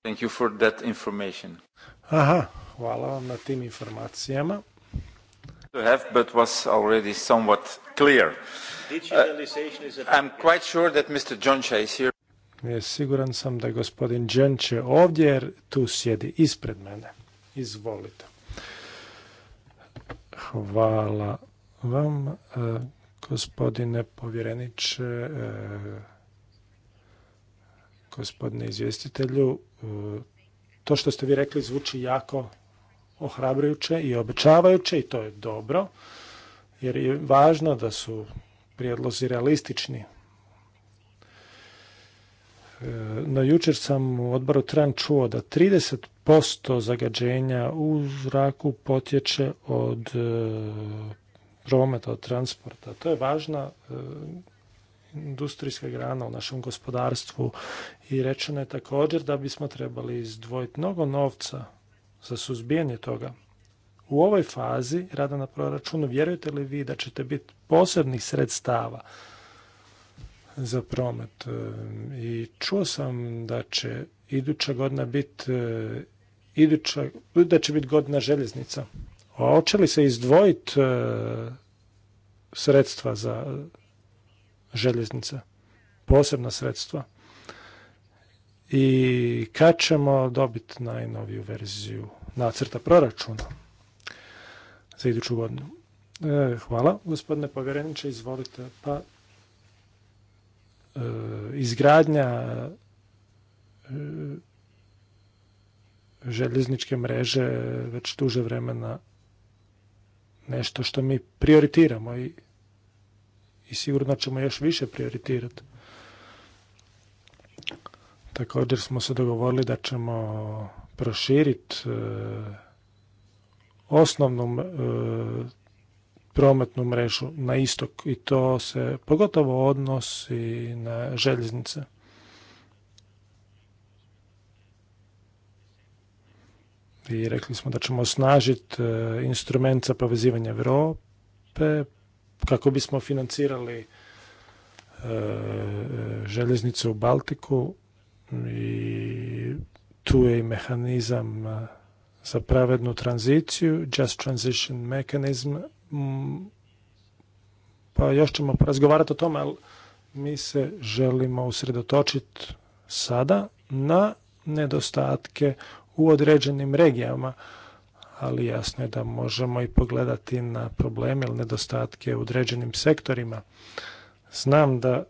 Thank you for that information. Aha, hvala vam na tim informacijama. To have, but was already somewhat clear. Digitalization is a... Uh, I'm quite sure that Mr. Joncha is here. Je siguran sam da je gospodin Đenče ovdje, jer tu sjedi ispred mene. Izvolite. Hvala vam, e, gospodine povjereniče, e, gospodine izvjestitelju to što ste vi rekli zvuči jako ohrabrujuće i obećavajuće i to je dobro, jer je važno da su prijedlozi realistični. E, Na jučer sam u odboru Tran čuo da 30% zagađenja u zraku potječe od e, prometa, od transporta. To je važna e, industrijska grana u našem gospodarstvu i rečeno je također da bismo trebali izdvojiti mnogo novca za suzbijanje toga. U ovoj fazi rada na proračunu vjerujete li vi da ćete biti posebnih sredstava za promet? E, I čuo sam da će iduća godina biti e, iduća, da će biti godina željeznica. Hoće li se izdvojiti e, sredstva za željeznica, posebna sredstva. I kad ćemo dobiti najnoviju verziju nacrta proračuna za iduću godinu? E, hvala, gospodine povjereniče, izvolite. Pa, e, izgradnja e, željezničke mreže već duže vremena nešto što mi prioritiramo i i sigurno ćemo još više prioritirati. Također smo se dogovorili da ćemo proširiti e, osnovnu e, prometnu mrežu na istok i to se pogotovo odnosi na željeznice. I rekli smo da ćemo osnažiti e, instrument za povezivanje Europe, kako bismo financirali e, željeznice u Baltiku i tu je i mehanizam e, za pravednu tranziciju, Just Transition Mechanism, mm, pa još ćemo razgovarati o tome, ali mi se želimo usredotočiti sada na nedostatke u određenim regijama ali jasno je da možemo i pogledati na probleme ili nedostatke u određenim sektorima. Znam da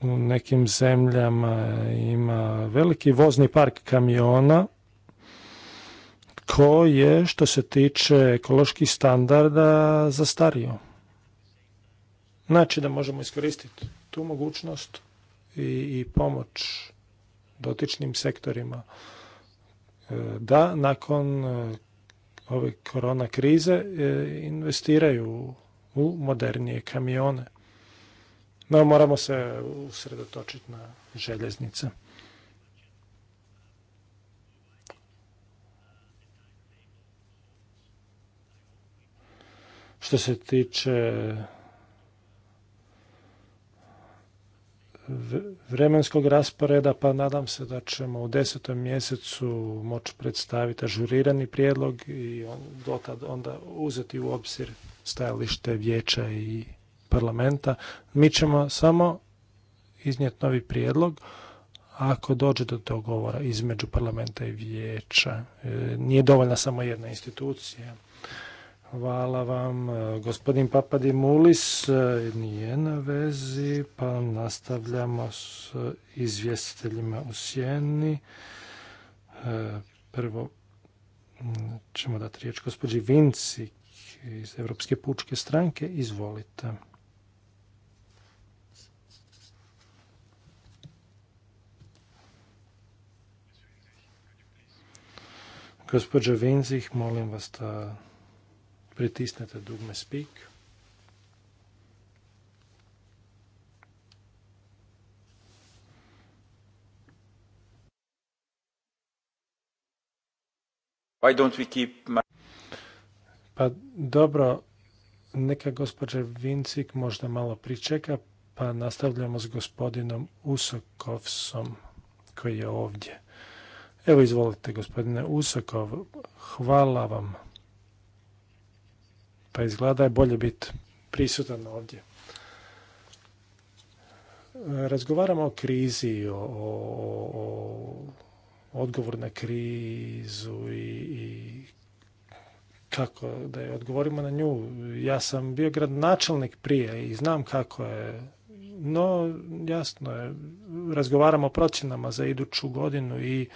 u nekim zemljama ima veliki vozni park kamiona je što se tiče ekoloških standarda zastario. Znači da možemo iskoristiti tu mogućnost i, i pomoć dotičnim sektorima da nakon e, ove korona krize e, investiraju u modernije kamione. No, moramo se usredotočiti na željeznice. Što se tiče vremenskog rasporeda, pa nadam se da ćemo u desetom mjesecu moći predstaviti ažurirani prijedlog i dotad onda uzeti u obzir stajalište vijeća i parlamenta. Mi ćemo samo iznijeti novi prijedlog ako dođe do dogovora između parlamenta i vijeća. E, nije dovoljna samo jedna institucija. Hvala vam. E, gospodin Papadimulis e, nije na vezi, pa nastavljamo s e, izvjestiteljima u sjeni. Prvo ćemo dati riječ gospođi Vinci iz Europske pučke stranke. Izvolite. Gospođa Vinzih, molim vas da pritisnete dugme Speak. don't we keep... Pa dobro, neka gospođa Vincik možda malo pričeka, pa nastavljamo s gospodinom Usokovsom koji je ovdje. Evo izvolite gospodine Usokov, hvala vam pa izgleda je bolje biti prisutan ovdje. Razgovaramo o krizi, o, o, o na krizu i, kako da je odgovorimo na nju. Ja sam bio gradonačelnik prije i znam kako je. No, jasno je, razgovaramo o procjenama za iduću godinu i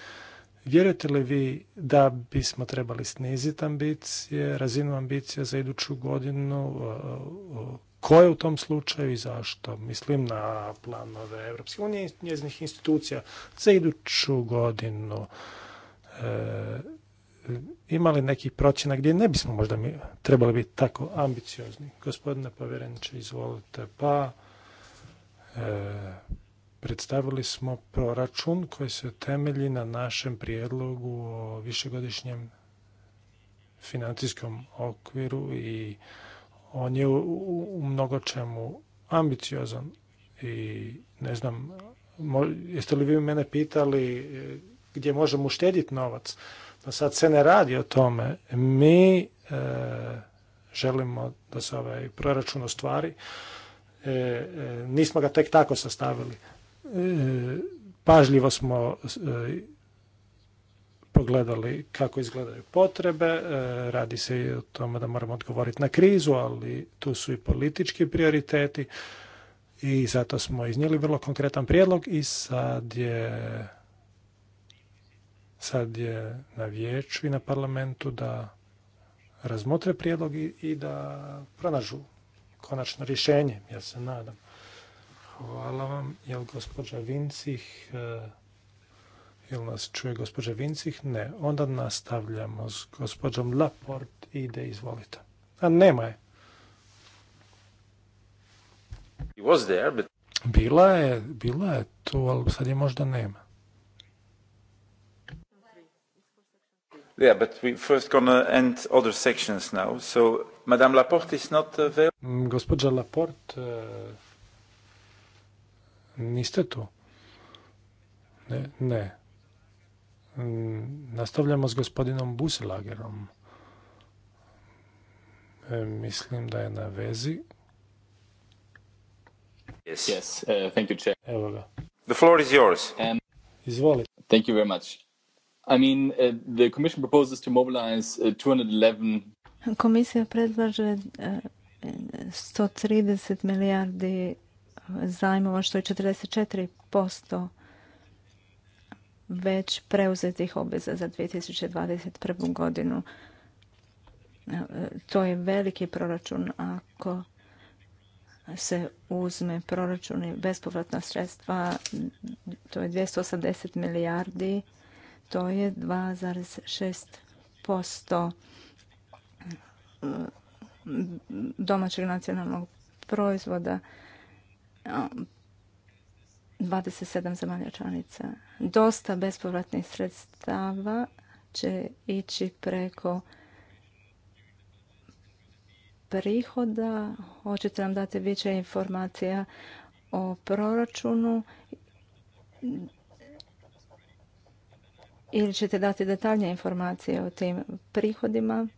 Vjerujete li vi da bismo trebali sniziti ambicije, razinu ambicija za iduću godinu? Koje u tom slučaju i zašto? Mislim na planove Europske unije i institucija za iduću godinu. E, imali neki procjena gdje ne bismo možda mi trebali biti tako ambiciozni. Gospodine povjereniče, izvolite. Pa, e, Predstavili smo proračun koji se temelji na našem prijedlogu o višegodišnjem financijskom okviru i on je u mnogo čemu ambiciozan i ne znam, jeste li vi mene pitali e, gdje možemo uštediti novac? Pa sad se ne radi o tome. Mi e, želimo da se ovaj proračun ostvari. E, nismo ga tek tako sastavili. E, pažljivo smo e, pogledali kako izgledaju potrebe, e, radi se i o tome da moramo odgovoriti na krizu, ali tu su i politički prioriteti i zato smo iznijeli vrlo konkretan prijedlog i sad je sad je na vijeću i na parlamentu da razmotre prijedlog i da pronažu konačno rješenje, ja se nadam. Hvala vam. Jel gospođa Vincih, e, jel nas čuje gospođa Vincih? Ne. Onda nastavljamo s gospođom Laport. Ide, izvolite. A nema je. Bila je, bila je tu, ali sad je možda nema. Yeah, but we first gonna Madame not mm, Gospođa Laporte e, Niste tu? Ne. ne. Mm, nastavljamo s gospodinom Buselagerom. E, mislim da je na vezi. Yes. Yes. Uh, thank you, Chair. Evo ga. The floor is yours. Um, Izvolite. Thank you very much. I mean, uh, the Commission proposes to mobilize uh, 211... Komisija predlaže 130 uh, uh, milijardi zajmova što je 44% već preuzetih obveza za 2021. godinu. To je veliki proračun ako se uzme proračun i bespovratna sredstva, to je 280 milijardi, to je 2,6% e, domaćeg nacionalnog proizvoda 27 zemalja članica. Dosta bespovratnih sredstava će ići preko prihoda. Hoćete nam dati više informacija o proračunu ili ćete dati detaljnije informacije o tim prihodima.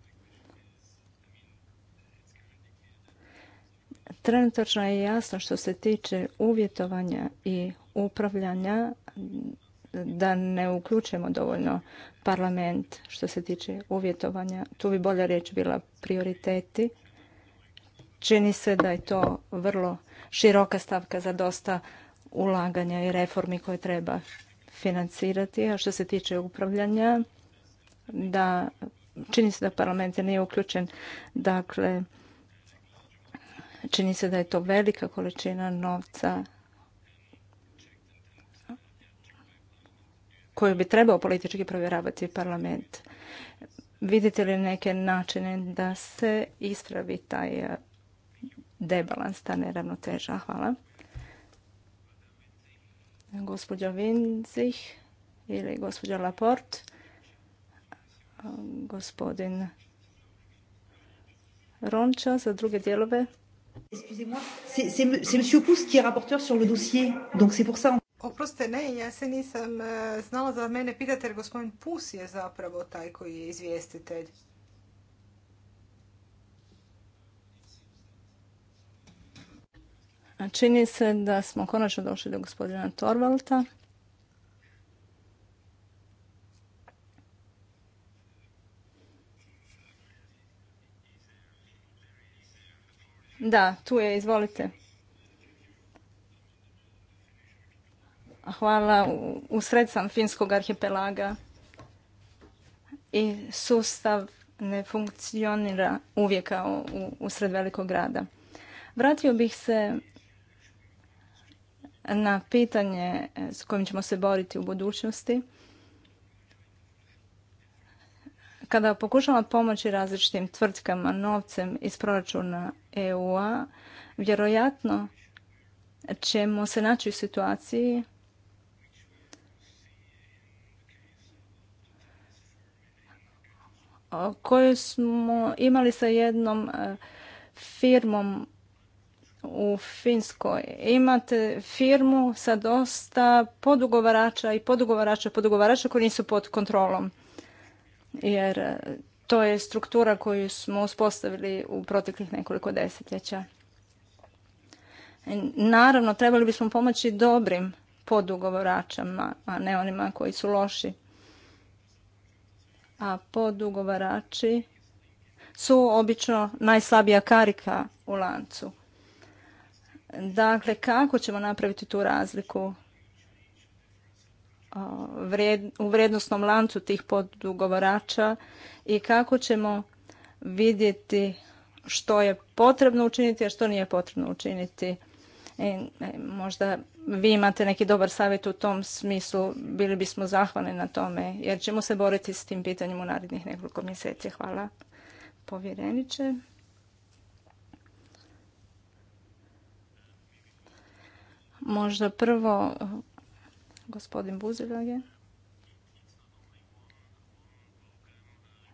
Trenutačno je jasno što se tiče uvjetovanja i upravljanja da ne uključujemo dovoljno parlament što se tiče uvjetovanja. Tu bi bolja riječ bila prioriteti. Čini se da je to vrlo široka stavka za dosta ulaganja i reformi koje treba financirati. A što se tiče upravljanja, da čini se da parlament nije uključen. Dakle, Čini se da je to velika količina novca koju bi trebao politički provjeravati parlament. Vidite li neke načine da se ispravi taj eh, debalans, ta neravnoteža? Hvala. Gospođa Vinzih ili gospođa Laport, gospodin Ronča za druge dijelove. Excusez-moi, c'est M. Pousse qui est rapporteur sur le dossier, donc c'est pour ça. Oprostite, ne, ja se nisam e, znala da mene pitate, jer gospodin Pus je zapravo taj koji je izvjestitelj. Čini se da smo konačno došli do gospodina Torvalta. Da, tu je, izvolite. Hvala. U sred sam finskog arhipelaga i sustav ne funkcionira uvijek kao u sred velikog grada. Vratio bih se na pitanje s kojim ćemo se boriti u budućnosti Kada pokušava pomoći različitim tvrtkama novcem iz proračuna EU-a, vjerojatno ćemo se naći u situaciji koju smo imali sa jednom e, firmom u Finskoj. Imate firmu sa dosta podugovarača i podugovarača, podugovarača koji nisu pod kontrolom jer e, to je struktura koju smo uspostavili u proteklih nekoliko desetljeća. E, naravno, trebali bismo pomoći dobrim podugovaračama, a ne onima koji su loši. A podugovarači su obično najslabija karika u lancu. Dakle, kako ćemo napraviti tu razliku? u vrednostnom lancu tih podugovorača i kako ćemo vidjeti što je potrebno učiniti, a što nije potrebno učiniti. E, e, možda vi imate neki dobar savjet u tom smislu, bili bismo zahvalni na tome, jer ćemo se boriti s tim pitanjem u narednih nekoliko mjeseci. Hvala, povjereniče. Možda prvo gospodin Buzilage.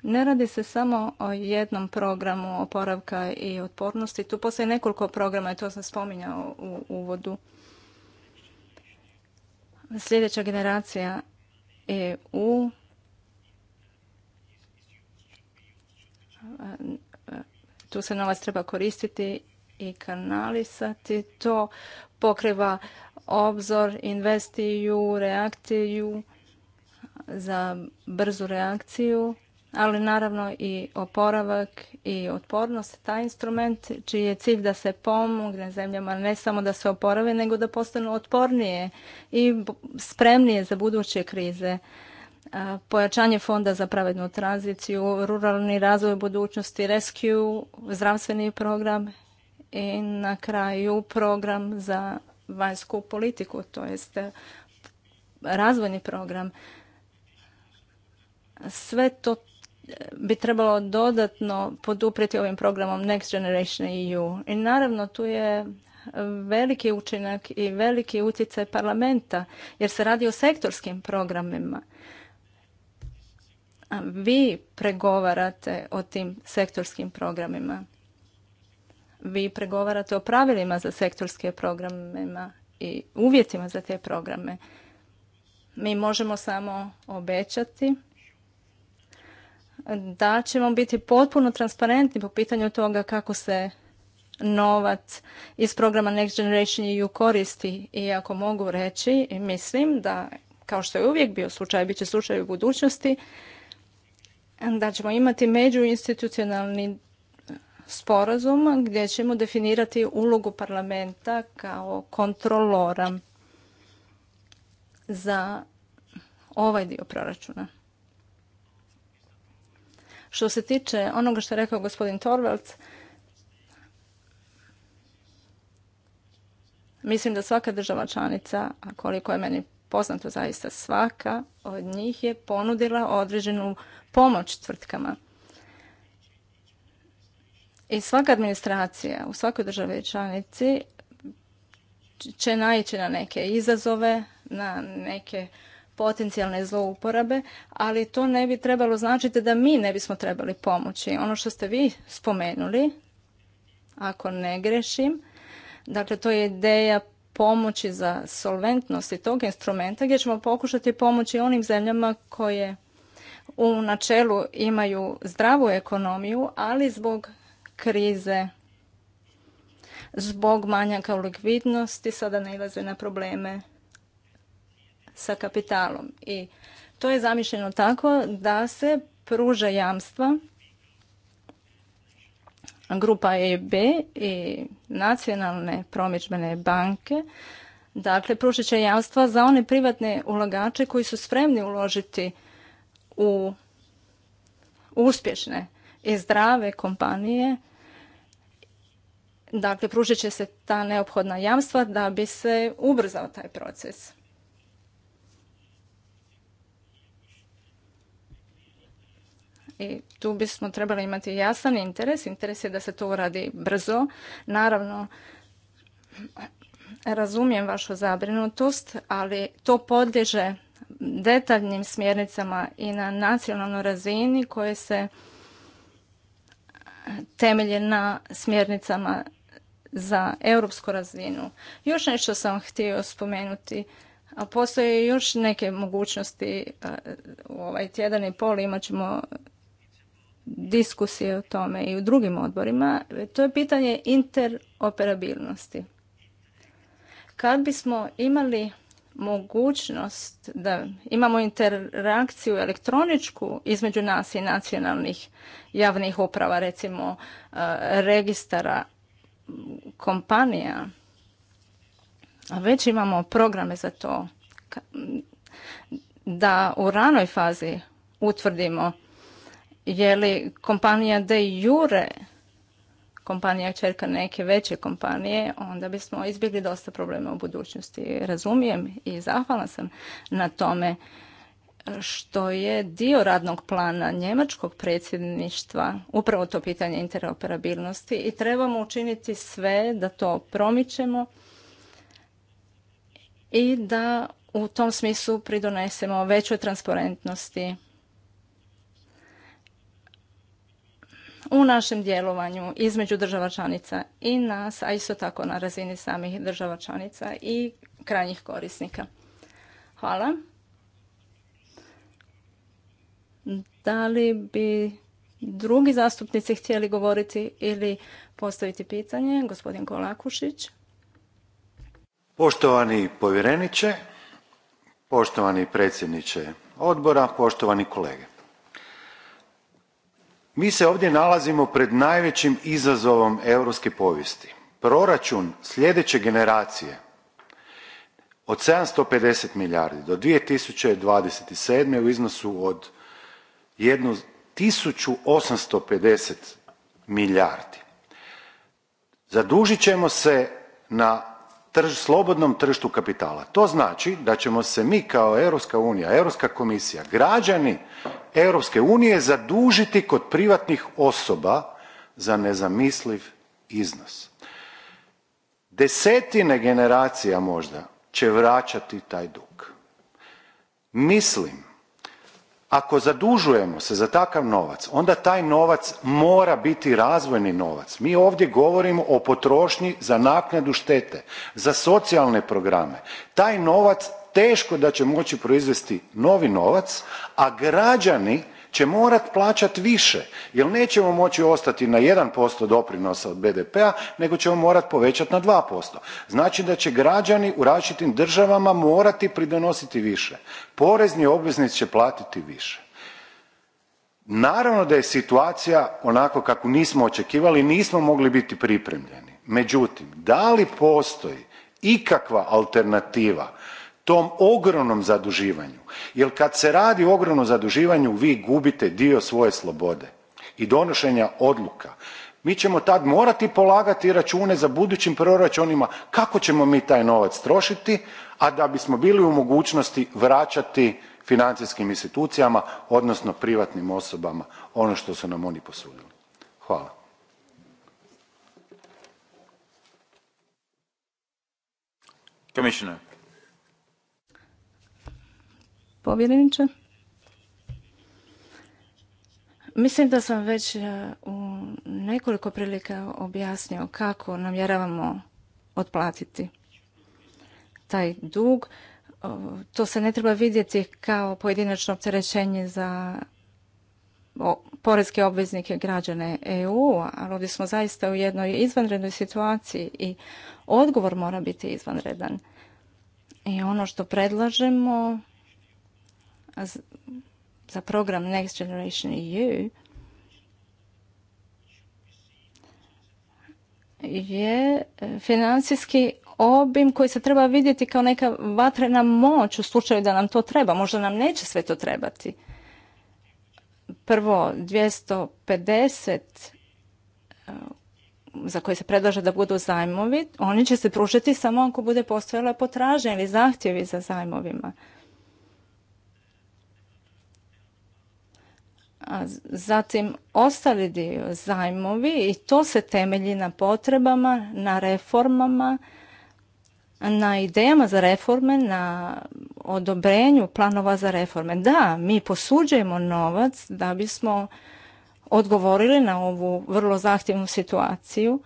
Ne radi se samo o jednom programu oporavka i otpornosti. Tu postoji nekoliko programa i to sam spominjao u uvodu. Sljedeća generacija EU tu se novac treba koristiti i kanalisati. To pokriva obzor, investiju, reakciju, za brzu reakciju, ali naravno i oporavak i otpornost, taj instrument čiji je cilj da se pomogne zemljama ne samo da se oporave, nego da postanu otpornije i spremnije za buduće krize. Pojačanje fonda za pravednu tranziciju, ruralni razvoj budućnosti, rescue, zdravstveni program i na kraju program za vanjsku politiku, to jest e, razvojni program. Sve to e, bi trebalo dodatno poduprijeti ovim programom Next Generation EU. I naravno tu je veliki učinak i veliki utjecaj parlamenta, jer se radi o sektorskim programima. vi pregovarate o tim sektorskim programima vi pregovarate o pravilima za sektorske programe i uvjetima za te programe. Mi možemo samo obećati da ćemo biti potpuno transparentni po pitanju toga kako se novac iz programa Next Generation EU koristi i ako mogu reći, mislim da kao što je uvijek bio slučaj, bit će slučaj u budućnosti, da ćemo imati međuinstitucionalni sporazum gdje ćemo definirati ulogu parlamenta kao kontrolora za ovaj dio proračuna. Što se tiče onoga što je rekao gospodin Torvalds, mislim da svaka država članica, a koliko je meni poznato zaista svaka, od njih je ponudila određenu pomoć tvrtkama. I svaka administracija u svakoj državi članici će naići na neke izazove, na neke potencijalne zlouporabe, ali to ne bi trebalo značiti da mi ne bismo trebali pomoći. Ono što ste vi spomenuli, ako ne grešim, dakle to je ideja pomoći za solventnost i tog instrumenta gdje ćemo pokušati pomoći onim zemljama koje u načelu imaju zdravu ekonomiju, ali zbog krize zbog manjaka u likvidnosti sada nailaze na probleme sa kapitalom. I to je zamišljeno tako da se pruža jamstva grupa EB i nacionalne promičbene banke Dakle, pružit će jamstva za one privatne ulagače koji su spremni uložiti u uspješne i zdrave kompanije Dakle, pružit će se ta neophodna jamstva da bi se ubrzao taj proces. I tu bismo trebali imati jasan interes. Interes je da se to uradi brzo. Naravno, razumijem vašu zabrinutost, ali to podliježe detaljnim smjernicama i na nacionalnoj razini koje se temelje na smjernicama za europsku razinu. Još nešto sam htio spomenuti. A postoje još neke mogućnosti. E, u ovaj tjedan i pol imat ćemo diskusije o tome i u drugim odborima. To je pitanje interoperabilnosti. Kad bismo imali mogućnost da imamo interakciju elektroničku između nas i nacionalnih javnih uprava, recimo e, registara kompanija, a već imamo programe za to da u ranoj fazi utvrdimo je li kompanija de jure kompanija čerka neke veće kompanije, onda bismo izbjegli dosta problema u budućnosti. Razumijem i zahvalna sam na tome što je dio radnog plana njemačkog predsjedništva upravo to pitanje interoperabilnosti i trebamo učiniti sve da to promičemo i da u tom smislu pridonesemo većoj transparentnosti u našem djelovanju između država članica i nas, a isto tako na razini samih država članica i krajnjih korisnika. Hvala. Da li bi drugi zastupnici htjeli govoriti ili postaviti pitanje? Gospodin Kolakušić. Poštovani povjereniče, poštovani predsjedniče odbora, poštovani kolege. Mi se ovdje nalazimo pred najvećim izazovom europske povijesti. Proračun sljedeće generacije od 750 milijardi do 2027. u iznosu od 1850 milijardi. Zadužit ćemo se na slobodnom tržištu kapitala. To znači da ćemo se mi kao EU, Europska komisija, građani EU zadužiti kod privatnih osoba za nezamisliv iznos. Desetine generacija možda će vraćati taj dug. Mislim ako zadužujemo se za takav novac onda taj novac mora biti razvojni novac. Mi ovdje govorimo o potrošnji za naknadu štete, za socijalne programe. Taj novac teško da će moći proizvesti novi novac, a građani će morat plaćat više jer nećemo moći ostati na 1% doprinosa od BDP-a nego ćemo morat povećat na 2%. Znači da će građani u različitim državama morati pridonositi više. Porezni obveznici će platiti više. Naravno da je situacija onako kako nismo očekivali, nismo mogli biti pripremljeni. Međutim, da li postoji ikakva alternativa tom ogromnom zaduživanju jer kad se radi o ogromnom zaduživanju vi gubite dio svoje slobode i donošenja odluka. Mi ćemo tad morati polagati račune za budućim proračunima kako ćemo mi taj novac trošiti, a da bismo bili u mogućnosti vraćati financijskim institucijama odnosno privatnim osobama ono što su nam oni posudili. Hvala. Commissioner povjereniče. Mislim da sam već e, u nekoliko prilika objasnio kako namjeravamo otplatiti taj dug. E, to se ne treba vidjeti kao pojedinačno opterećenje za porezke obveznike građane EU, ali ovdje smo zaista u jednoj izvanrednoj situaciji i odgovor mora biti izvanredan. I ono što predlažemo za program Next Generation EU je e, financijski obim koji se treba vidjeti kao neka vatrena moć u slučaju da nam to treba. Možda nam neće sve to trebati. Prvo, 250 e, za koje se predlaže da budu zajmovi, oni će se pružiti samo ako bude postojala potražnja ili zahtjevi za zajmovima. zatim ostali zajmovi i to se temelji na potrebama, na reformama, na idejama za reforme, na odobrenju planova za reforme. Da, mi posuđujemo novac da bismo odgovorili na ovu vrlo zahtjevnu situaciju,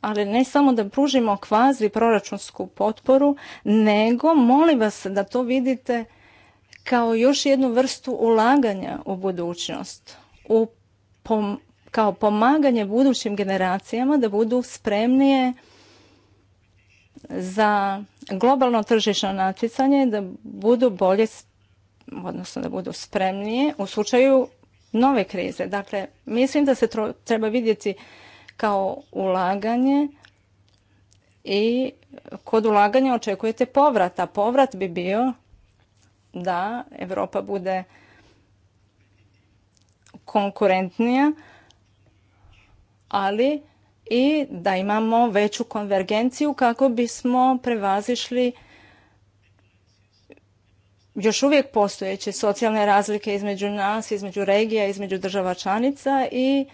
ali ne samo da pružimo kvazi proračunsku potporu, nego molim vas da to vidite kao još jednu vrstu ulaganja u budućnost, u kao pomaganje budućim generacijama da budu spremnije za globalno tržišno natjecanje, da budu bolje, odnosno da budu spremnije u slučaju nove krize. Dakle, mislim da se treba vidjeti kao ulaganje i kod ulaganja očekujete a Povrat bi bio da Europa bude konkurentnija, ali i da imamo veću konvergenciju kako bismo prevazišli još uvijek postojeće socijalne razlike između nas, između regija, između država članica i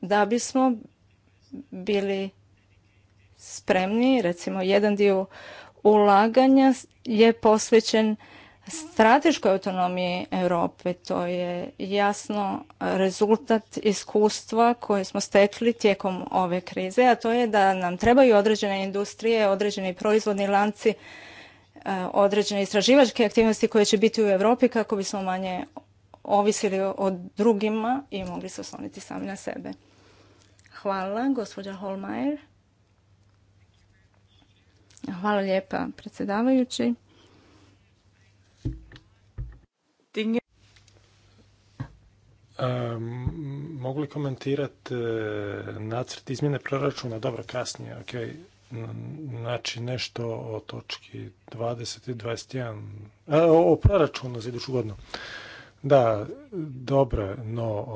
da bismo bili spremni, recimo jedan dio ulaganja je posvećen strateškoj autonomiji Europe. To je jasno rezultat iskustva koje smo stekli tijekom ove krize, a to je da nam trebaju određene industrije, određeni proizvodni lanci, e, određene istraživačke aktivnosti koje će biti u Europi kako bismo manje ovisili o drugima i mogli se osloniti sami na sebe. Hvala, gospođa Holmeier. Hvala lijepa, predsjedavajući. Ehm, mogu li komentirati e, nacrt izmjene proračuna? Dobro, kasnije, ok. Znači nešto o točki 20 i 21, a, e, o, proračunu za iduću godinu. Da, dobro, no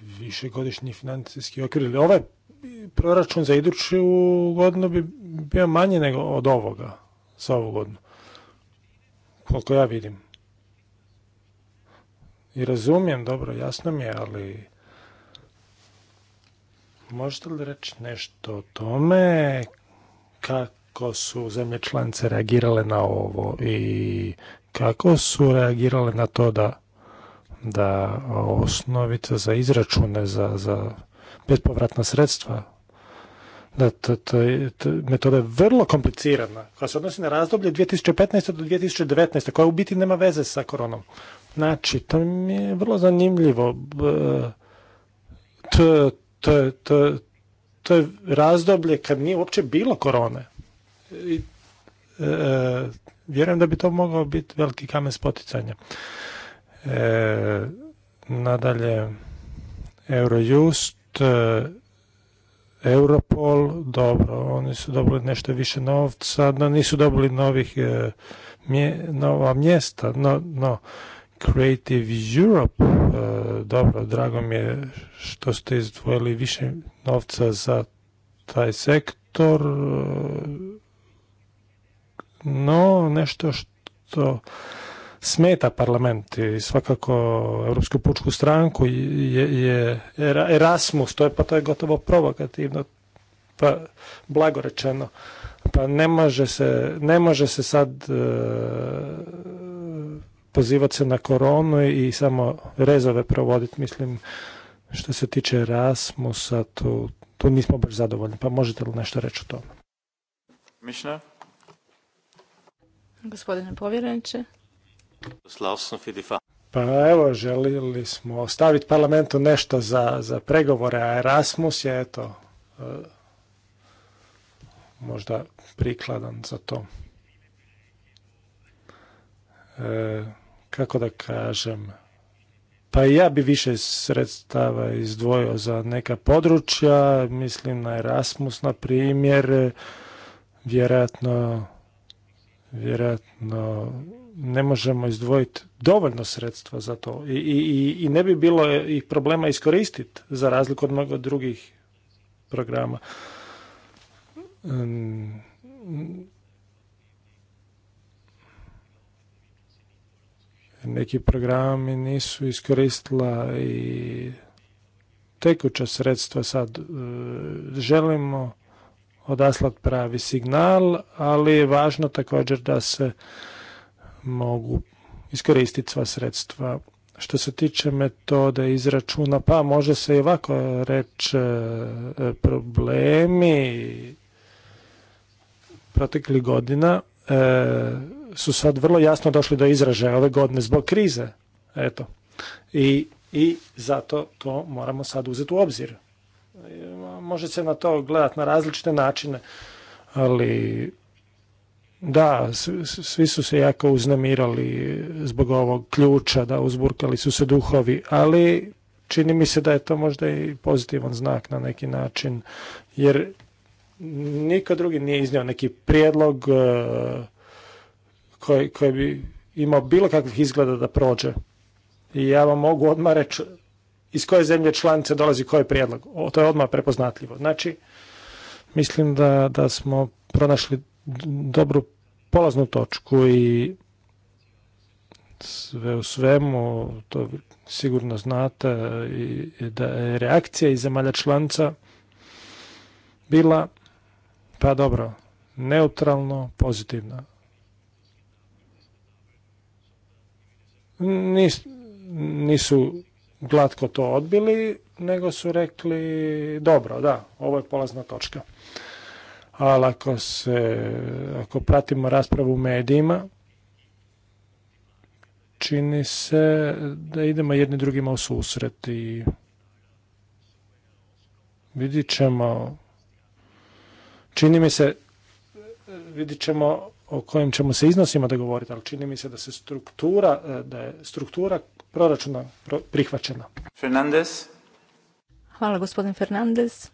višegodišnji financijski okvir, ovaj proračun za iduću godinu bi bio manji nego od ovoga, za ovu godinu. Koliko ja vidim. I razumijem, dobro, jasno mi je, ali možete li reći nešto o tome kako su zemlje članice reagirale na ovo i kako su reagirale na to da da osnovica za izračune za bespovratna sredstva. Da, to, to, metoda je vrlo komplicirana, koja se odnosi na razdoblje 2015. do 2019. koja u biti nema veze sa koronom. Znači, to mi je vrlo zanimljivo. To, to je razdoblje kad nije uopće bilo korone. I, e, vjerujem da bi to mogao biti veliki kamen spoticanja. E, nadalje, Eurojust, Europol, dobro, oni su dobili nešto više novca, no nisu dobili novih e, nova mjesta, no, no Creative Europe, e, dobro, drago mi je što ste izdvojili više novca za taj sektor, e, no nešto što smeta parlament i svakako Europsku pučku stranku je, je Erasmus, to je pa to je gotovo provokativno, pa blago rečeno. Pa ne može se, ne može se sad e, pozivati se na koronu i samo rezove provoditi, mislim, što se tiče Erasmusa, tu, tu nismo baš zadovoljni, pa možete li nešto reći o tome? Mišna? Gospodine povjereniče. Pa evo, želili smo ostaviti parlamentu nešto za, za pregovore, a Erasmus je eto e, možda prikladan za to. E, kako da kažem, pa ja bi više sredstava izdvojio za neka područja, mislim na Erasmus na primjer, vjerojatno vjerojatno ne možemo izdvojiti dovoljno sredstva za to i, i, i ne bi bilo ih problema iskoristiti za razliku od mnogo drugih programa. Neki programi nisu iskoristila i tekuća sredstva sad e, želimo odaslat pravi signal, ali je važno također da se mogu iskoristiti sva sredstva. Što se tiče metode izračuna, pa može se i ovako reći e, problemi proteklih godina e, su sad vrlo jasno došli do izražaja ove godine zbog krize. Eto. I, i zato to moramo sad uzeti u obzir. Može se na to gledati na različite načine, ali da, svi su se jako uznemirali zbog ovog ključa, da uzburkali su se duhovi, ali čini mi se da je to možda i pozitivan znak na neki način, jer niko drugi nije iznio neki prijedlog e, koji, koji bi imao bilo kakvih izgleda da prođe. I ja vam mogu odmah reći, iz koje zemlje članice dolazi koji prijedlog. O, to je odmah prepoznatljivo. Znači, mislim da, da smo pronašli dobru polaznu točku i sve u svemu, to sigurno znate, i, da je reakcija iz zemalja članica bila, pa dobro, neutralno pozitivna. nisu glatko to odbili, nego su rekli dobro, da, ovo je polazna točka. Ali ako, se, ako pratimo raspravu u medijima, čini se da idemo jedni drugima u susret i vidit ćemo, čini mi se, vidit ćemo o kojim ćemo se iznosima dogovoriti, ali čini mi se da se struktura, e, da je struktura proračuna prihvaćena. Fernandez. Hvala gospodin Fernandez.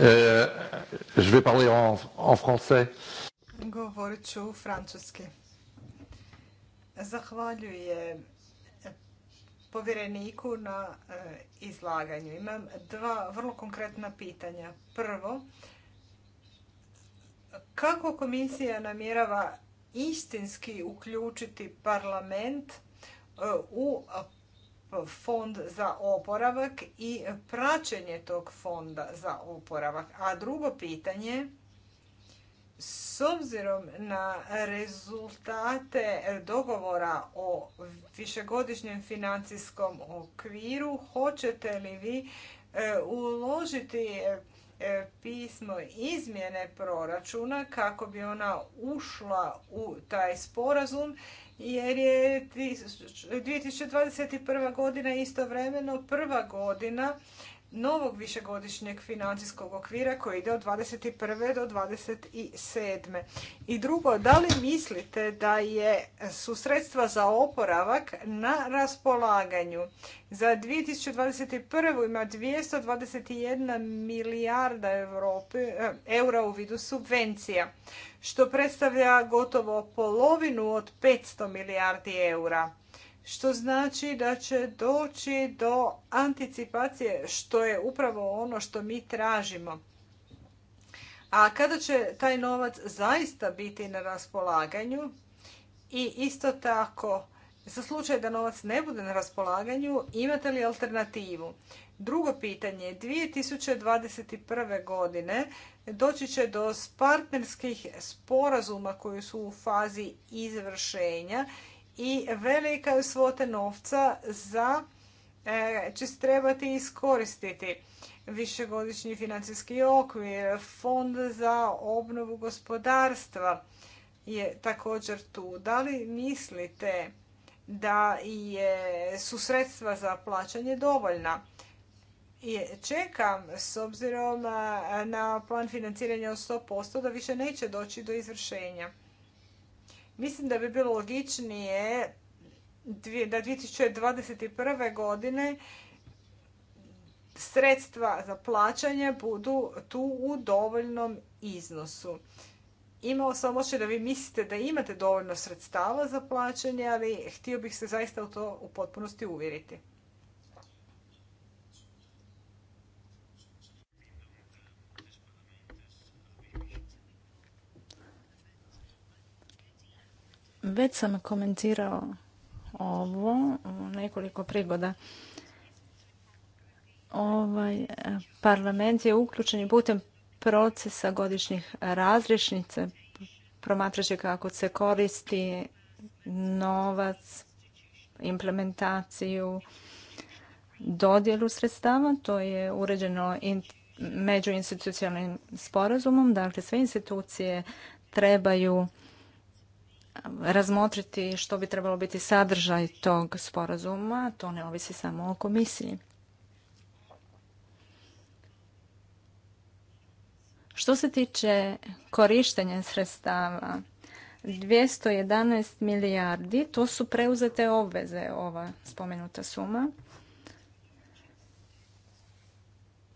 Euh, je vais parler en, français. Govorit ću francuski. Zahvaljujem povjereniku na e, izlaganju. Imam dva vrlo konkretna pitanja. Prvo, kako komisija namjerava istinski uključiti parlament e, u e, fond za oporavak i praćenje tog fonda za oporavak. A drugo pitanje, s obzirom na rezultate dogovora o višegodišnjem financijskom okviru, hoćete li vi e, uložiti E, pismo izmjene proračuna kako bi ona ušla u taj sporazum jer je 2021. godina istovremeno prva godina novog višegodišnjeg financijskog okvira koji ide od 21. do 27. I drugo, da li mislite da je, su sredstva za oporavak na raspolaganju? Za 2021. ima 221 milijarda Evropi, eh, eura u vidu subvencija, što predstavlja gotovo polovinu od 500 milijardi eura što znači da će doći do anticipacije, što je upravo ono što mi tražimo. A kada će taj novac zaista biti na raspolaganju i isto tako za slučaj da novac ne bude na raspolaganju, imate li alternativu? Drugo pitanje, 2021. godine doći će do partnerskih sporazuma koji su u fazi izvršenja i velika svote novca za e, će se trebati iskoristiti. Višegodišnji financijski okvir, fond za obnovu gospodarstva je također tu. Da li mislite da je, su sredstva za plaćanje dovoljna? Čekam s obzirom e, na plan financiranja od 100% da više neće doći do izvršenja. Mislim da bi bilo logičnije da 2021. godine sredstva za plaćanje budu tu u dovoljnom iznosu. Imao sam oče da vi mislite da imate dovoljno sredstava za plaćanje, ali htio bih se zaista u to u potpunosti uvjeriti. Već sam komentirao ovo u nekoliko prigoda. Ovaj e, parlament je uključen putem procesa godišnjih razrišnice. Promatraće kako se koristi novac, implementaciju, dodjelu sredstava. To je uređeno međuinstitucionalnim sporazumom. Dakle, sve institucije trebaju razmotriti što bi trebalo biti sadržaj tog sporazuma. To ne ovisi samo o komisiji. Što se tiče korištenja sredstava, 211 milijardi, to su preuzete obveze, ova spomenuta suma.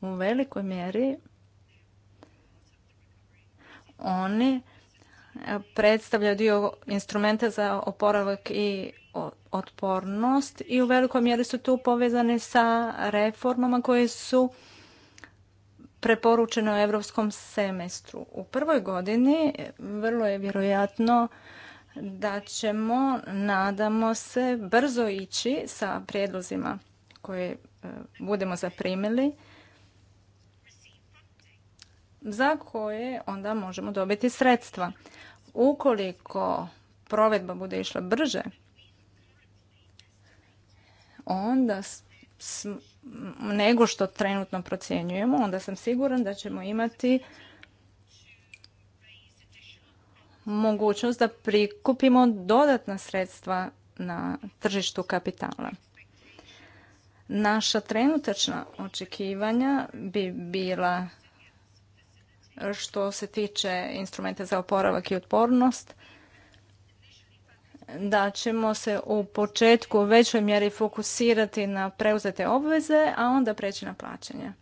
U velikoj mjeri oni predstavlja dio instrumenta za oporavak i otpornost i u velikoj mjeri su tu povezane sa reformama koje su preporučene u europskom semestru. U prvoj godini vrlo je vjerojatno da ćemo, nadamo se, brzo ići sa prijedlozima koje e, budemo zaprimili za koje onda možemo dobiti sredstva. Ukoliko provedba bude išla brže, onda nego što trenutno procjenjujemo, onda sam siguran da ćemo imati mogućnost da prikupimo dodatna sredstva na tržištu kapitala. Naša trenutačna očekivanja bi bila što se tiče instrumenta za oporavak i otpornost, da ćemo se u početku u većoj mjeri fokusirati na preuzete obveze, a onda preći na plaćanje.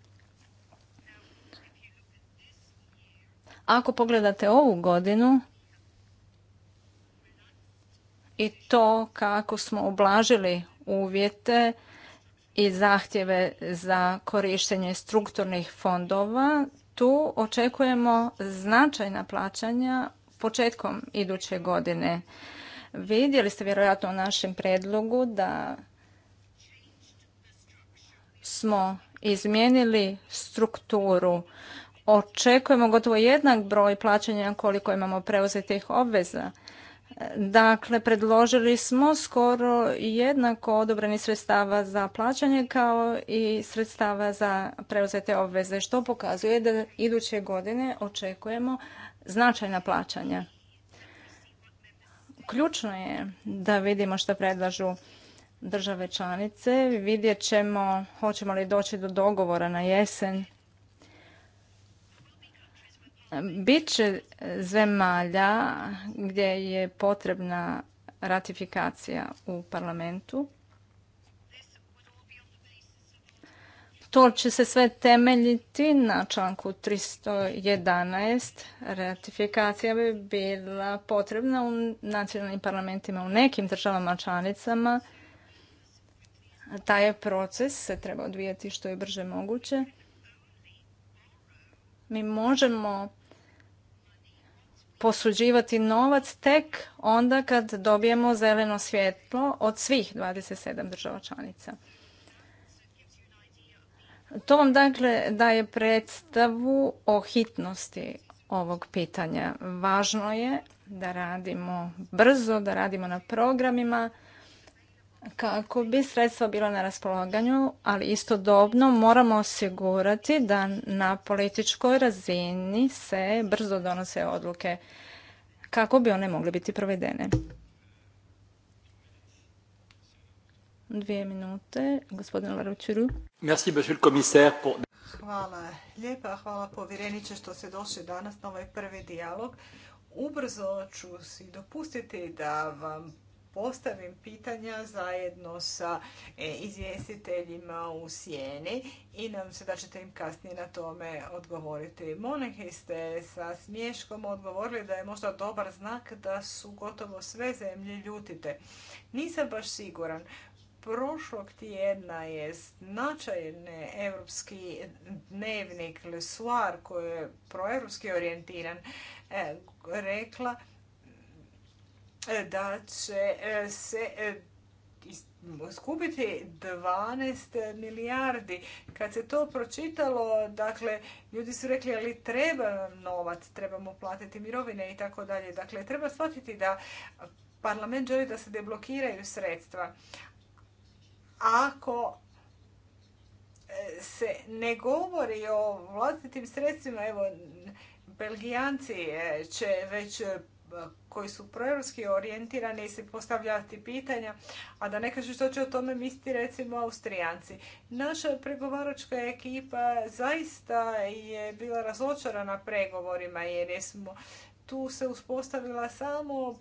Ako pogledate ovu godinu i to kako smo ublažili uvjete i zahtjeve za korištenje strukturnih fondova, tu očekujemo značajna plaćanja početkom iduće godine. Vidjeli ste vjerojatno u našem predlogu da smo izmijenili strukturu. Očekujemo gotovo jednak broj plaćanja koliko imamo preuzetih obveza. Dakle, predložili smo skoro jednako odobreni sredstava za plaćanje kao i sredstava za preuzete obveze, što pokazuje da iduće godine očekujemo značajna plaćanja. Ključno je da vidimo što predlažu države članice. Vidjet ćemo hoćemo li doći do dogovora na jesen Bit će zemalja gdje je potrebna ratifikacija u parlamentu. To će se sve temeljiti na članku 311. Ratifikacija bi bila potrebna u nacionalnim parlamentima u nekim državama članicama. Taj je proces se treba odvijati što je brže moguće. Mi možemo posuđivati novac tek onda kad dobijemo zeleno svjetlo od svih 27 država članica. To vam dakle daje predstavu o hitnosti ovog pitanja. Važno je da radimo brzo, da radimo na programima kako bi sredstva bila na raspolaganju, ali istodobno moramo osigurati da na političkoj razini se brzo donose odluke kako bi one mogle biti provedene. Dvije minute, gospodin Merci, monsieur le commissaire. Hvala lijepa, hvala povjereniče što ste došli danas na ovaj prvi dijalog. Ubrzo ću si dopustiti da vam postavim pitanja zajedno sa e, izvjestiteljima u sjeni i nam se da ćete im kasnije na tome odgovoriti. Monehi ste sa smješkom odgovorili da je možda dobar znak da su gotovo sve zemlje ljutite. Nisam baš siguran. Prošlog tjedna je značajni evropski dnevnik Lesuar, koji je proevropski orijentiran, e, rekla E, da će e, se e, skupiti 12 milijardi. Kad se to pročitalo, dakle, ljudi su rekli, ali treba novac, trebamo platiti mirovine i tako dalje. Dakle, treba shvatiti da parlament želi da se deblokiraju sredstva. Ako se ne govori o vlastitim sredstvima, evo, Belgijanci će već koji su proeuropski orijentirani i se postavljati pitanja, a da ne kažu što će o tome misliti recimo Austrijanci. Naša pregovaračka ekipa zaista je bila razočarana pregovorima jer je smo tu se uspostavila samo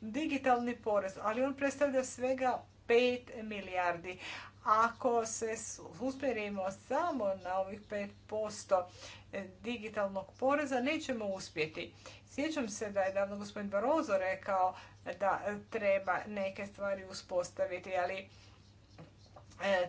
digitalni porez, ali on predstavlja svega 5 milijardi. Ako se usmjerimo samo na ovih 5% digitalnog poreza, nećemo uspjeti. Sjećam se da je davno gospodin Barozo rekao da treba neke stvari uspostaviti, ali e, e,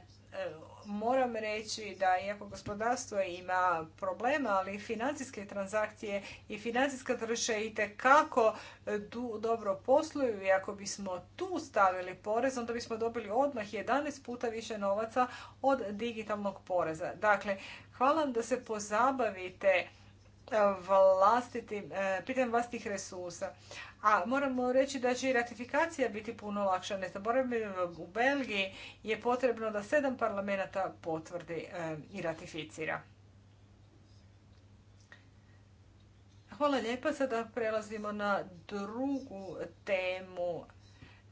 moram reći da iako gospodarstvo ima problema, ali financijske transakcije i financijska tržišta i tekako e, dobro posluju i ako bismo tu stavili porez, onda bismo dobili odmah 11 puta više novaca od digitalnog poreza. Dakle, hvala vam da se pozabavite e, vlastitim, e, pitanjem vlastitih resursa. A moramo reći da će i ratifikacija biti puno lakša. Ne zaboravim, e, u Belgiji je potrebno da sedam parlamenta potvrdi e, i ratificira. Hvala lijepa. Sada prelazimo na drugu temu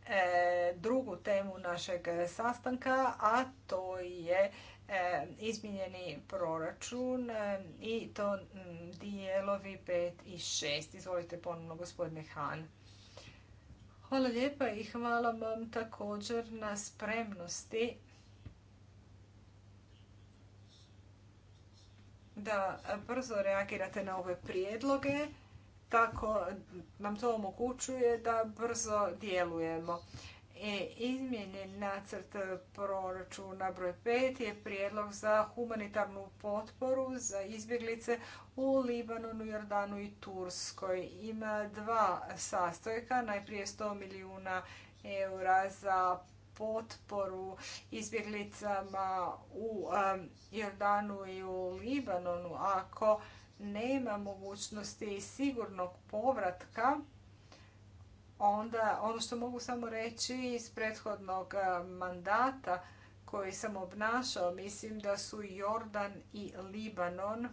e, drugu temu našeg sastanka, a to je E, izmijenjeni proračun e, i to dijelovi 5 i 6. Izvolite ponovno gospodine Han. Hvala lijepa i hvala vam također na spremnosti da brzo reagirate na ove prijedloge. Tako nam to omogućuje da brzo djelujemo. E, izmijenjen nacrt proračuna broj 5 je prijedlog za humanitarnu potporu za izbjeglice u Libanonu, Jordanu i Turskoj. Ima dva sastojka, najprije 100 milijuna eura za potporu izbjeglicama u Jordanu i u Libanonu. Ako nema mogućnosti sigurnog povratka, onda ono što mogu samo reći iz prethodnog eh, mandata koji sam obnašao, mislim da su Jordan i Libanon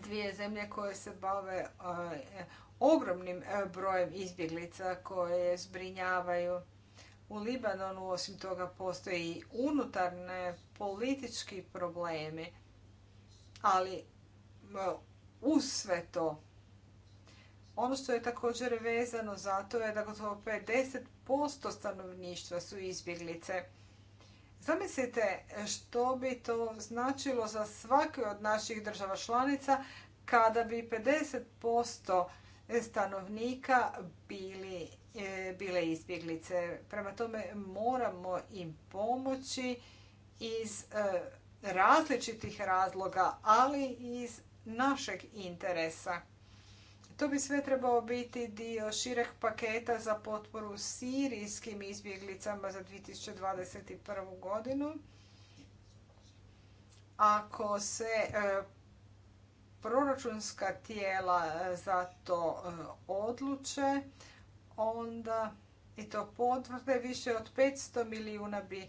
dvije zemlje koje se bave eh, ogromnim eh, brojem izbjeglica koje zbrinjavaju u Libanonu. Osim toga postoje i unutarne politički problemi, ali uz sve to ono što je također vezano za to je da gotovo 50% stanovništva su izbjeglice. Zamislite što bi to značilo za svake od naših država članica kada bi 50% stanovnika bili, e, bile izbjeglice. Prema tome moramo im pomoći iz e, različitih razloga, ali i iz našeg interesa. To bi sve trebao biti dio šireg paketa za potporu sirijskim izbjeglicama za 2021. godinu. Ako se e, proračunska tijela e, za to e, odluče, onda i to potvrde više od 500 milijuna bi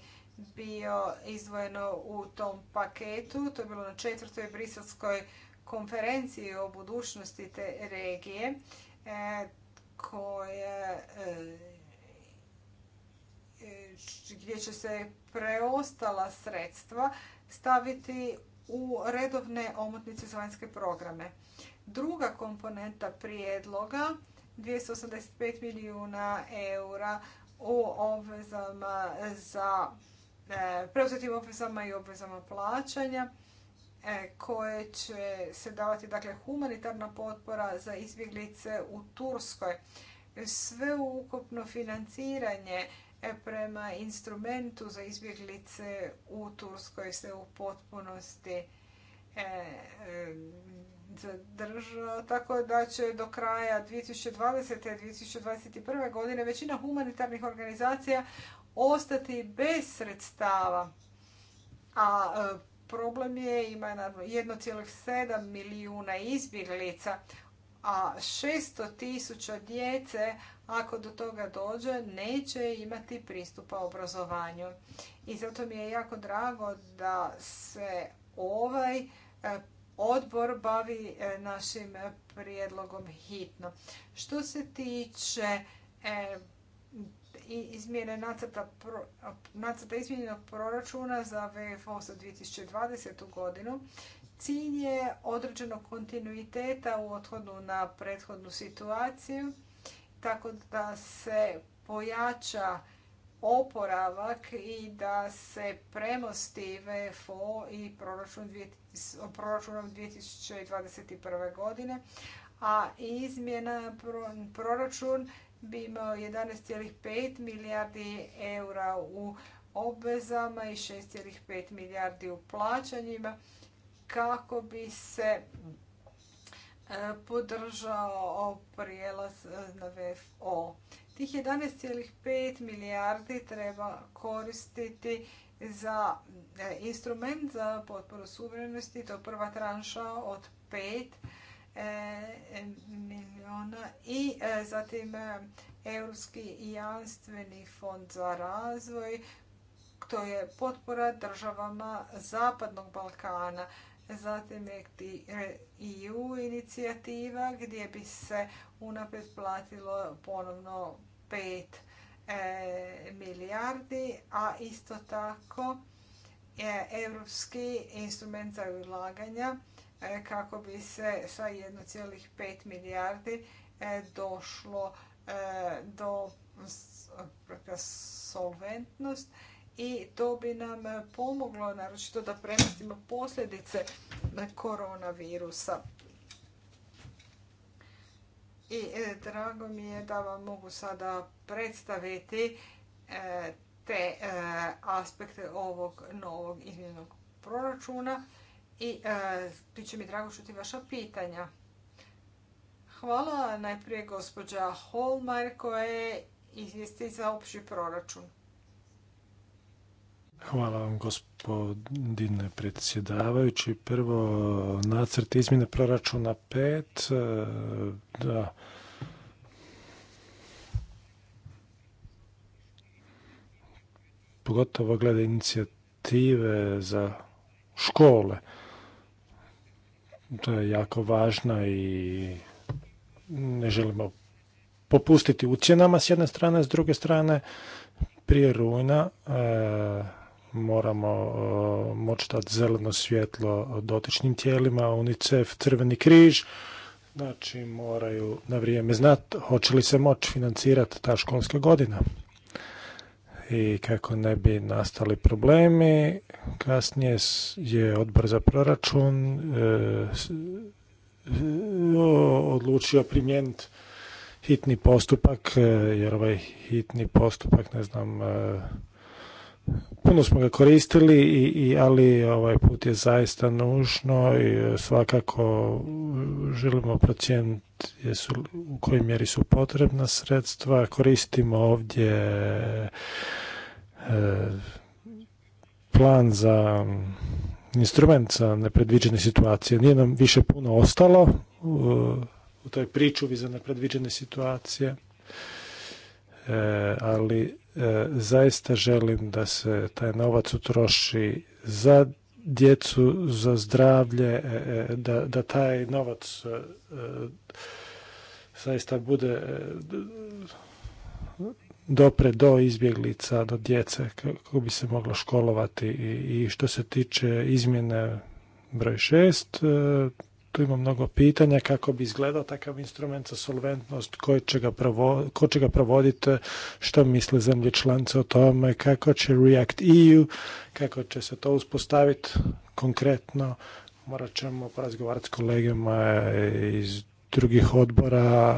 bio izdvojeno u tom paketu. To je bilo na četvrtoj briselskoj konferenciji o budućnosti te regije e, koje e, gdje će se preostala sredstva staviti u redovne omotnice za vanjske programe. Druga komponenta prijedloga 285 milijuna eura o obvezama za e, preuzetim obvezama i obvezama plaćanja E, koje će se davati dakle, humanitarna potpora za izbjeglice u Turskoj. Sve ukupno financiranje e, prema instrumentu za izbjeglice u Turskoj se u potpunosti e, zadržao, tako da će do kraja 2020. i 2021. godine većina humanitarnih organizacija ostati bez sredstava. A problem je, ima naravno 1,7 milijuna izbjeglica, a 600 tisuća djece, ako do toga dođe, neće imati pristupa obrazovanju. I zato mi je jako drago da se ovaj e, odbor bavi e, našim prijedlogom hitno. Što se tiče e, i izmjene nacrta, pro, izmjenjenog proračuna za VFO za 2020. godinu. Cilj je određenog kontinuiteta u odhodu na prethodnu situaciju, tako da se pojača oporavak i da se premosti VFO i proračun, proračunom 2021. godine, a izmjena proračun bi imao 11,5 milijardi eura u obvezama i 6,5 milijardi u plaćanjima kako bi se e, podržao prijelaz na VFO. Tih 11,5 milijardi treba koristiti za e, instrument za potporu suverenosti, to prva tranša od pet milijuna i e, zatim e, Europski jamstveni fond za razvoj, to je potpora državama Zapadnog Balkana. Zatim je EU inicijativa gdje bi se unaprijed platilo ponovno 5 e, milijardi, a isto tako je Europski instrument za ulaganja E, kako bi se sa 1,5 milijardi e, došlo e, do solventnost i to bi nam pomoglo naročito da premestimo posljedice koronavirusa. I drago mi je da vam mogu sada predstaviti te aspekte ovog novog izmjenog proračuna i e, ti će mi drago čuti vaša pitanja. Hvala najprije gospođa Holmar koja je izvijesti za opći proračun. Hvala vam gospodine predsjedavajući. Prvo nacrt izmjene proračuna 5. E, da. Pogotovo glede inicijative za škole. To je jako važno i ne želimo popustiti ucjenama s jedne strane, s druge strane prije rujna e, moramo e, moći dati zeleno svjetlo dotičnim tijelima, UNICEF, Crveni križ, znači moraju na vrijeme znati hoće li se moći financirati ta školska godina i kako ne bi nastali problemi. Kasnije je odbor za proračun e, e, odlučio primijeniti hitni postupak, e, jer ovaj hitni postupak, ne znam, puno smo ga koristili, i, i, ali ovaj put je zaista nužno i e, svakako želimo procijeniti u kojoj mjeri su potrebna sredstva. Koristimo ovdje e, plan za mm, instrument za nepredviđene situacije. Nije nam više puno ostalo u, u toj priču za nepredviđene situacije. E, ali e, zaista želim da se taj novac utroši za djecu, za zdravlje, e, da, da taj novac zaista bude dopre do izbjeglica, do djece, kako bi se moglo školovati. I što se tiče izmjene broj šest, tu ima mnogo pitanja kako bi izgledao takav instrument za solventnost, ko će ga, provoditi, što misle zemlje članice o tome, kako će React EU, kako će se to uspostaviti konkretno. Morat ćemo porazgovarati s kolegama iz drugih odbora,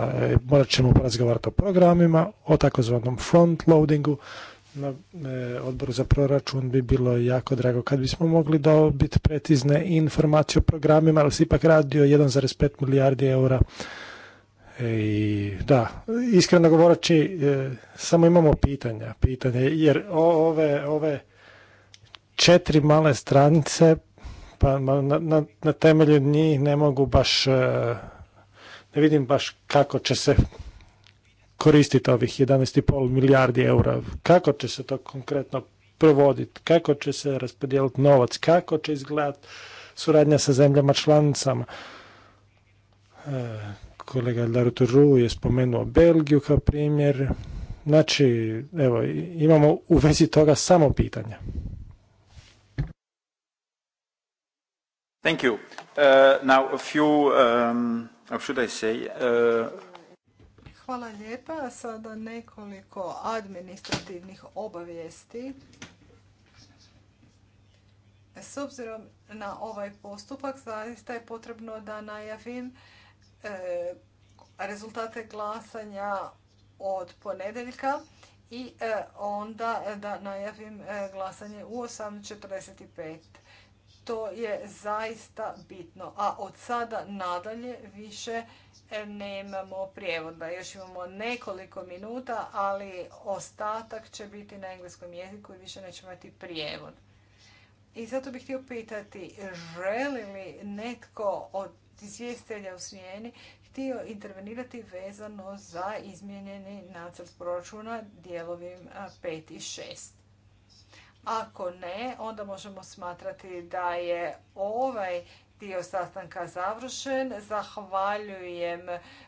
morat ćemo porazgovarati o programima, o takozvanom front loadingu, na e, odboru za proračun bi bilo jako drago kad bismo mogli dobiti pretizne informacije o programima, ali se ipak radi o 1,5 milijardi eura. E, I da, iskreno govoreći, e, samo imamo pitanja, pitanja, jer ove, ove četiri male stranice, pa na, na, na temelju njih ne mogu baš, ne vidim baš kako će se koristiti ovih 11,5 milijardi eura. Kako će se to konkretno provoditi? Kako će se raspodijeliti novac? Kako će izgledati suradnja sa zemljama članicama? E, kolega Laruturu je spomenuo Belgiju kao primjer. Znači, evo, imamo u vezi toga samo pitanja. Thank you. Uh, now a few, um, how should I say, uh, Hvala lijepa. Sada nekoliko administrativnih obavijesti. S obzirom na ovaj postupak, zaista je potrebno da najavim e, rezultate glasanja od ponedeljka i e, onda da najavim e, glasanje u 8.45 to je zaista bitno. A od sada nadalje više nemamo prijevoda. Još imamo nekoliko minuta, ali ostatak će biti na engleskom jeziku i više nećemo imati prijevod. I zato bih htio pitati, želi li netko od izvjestitelja u smjeni htio intervenirati vezano za izmijenjeni nacrt proračuna dijelovim 5 i 6? Ako ne, onda možemo smatrati da je ovaj dio sastanka završen. Zahvaljujem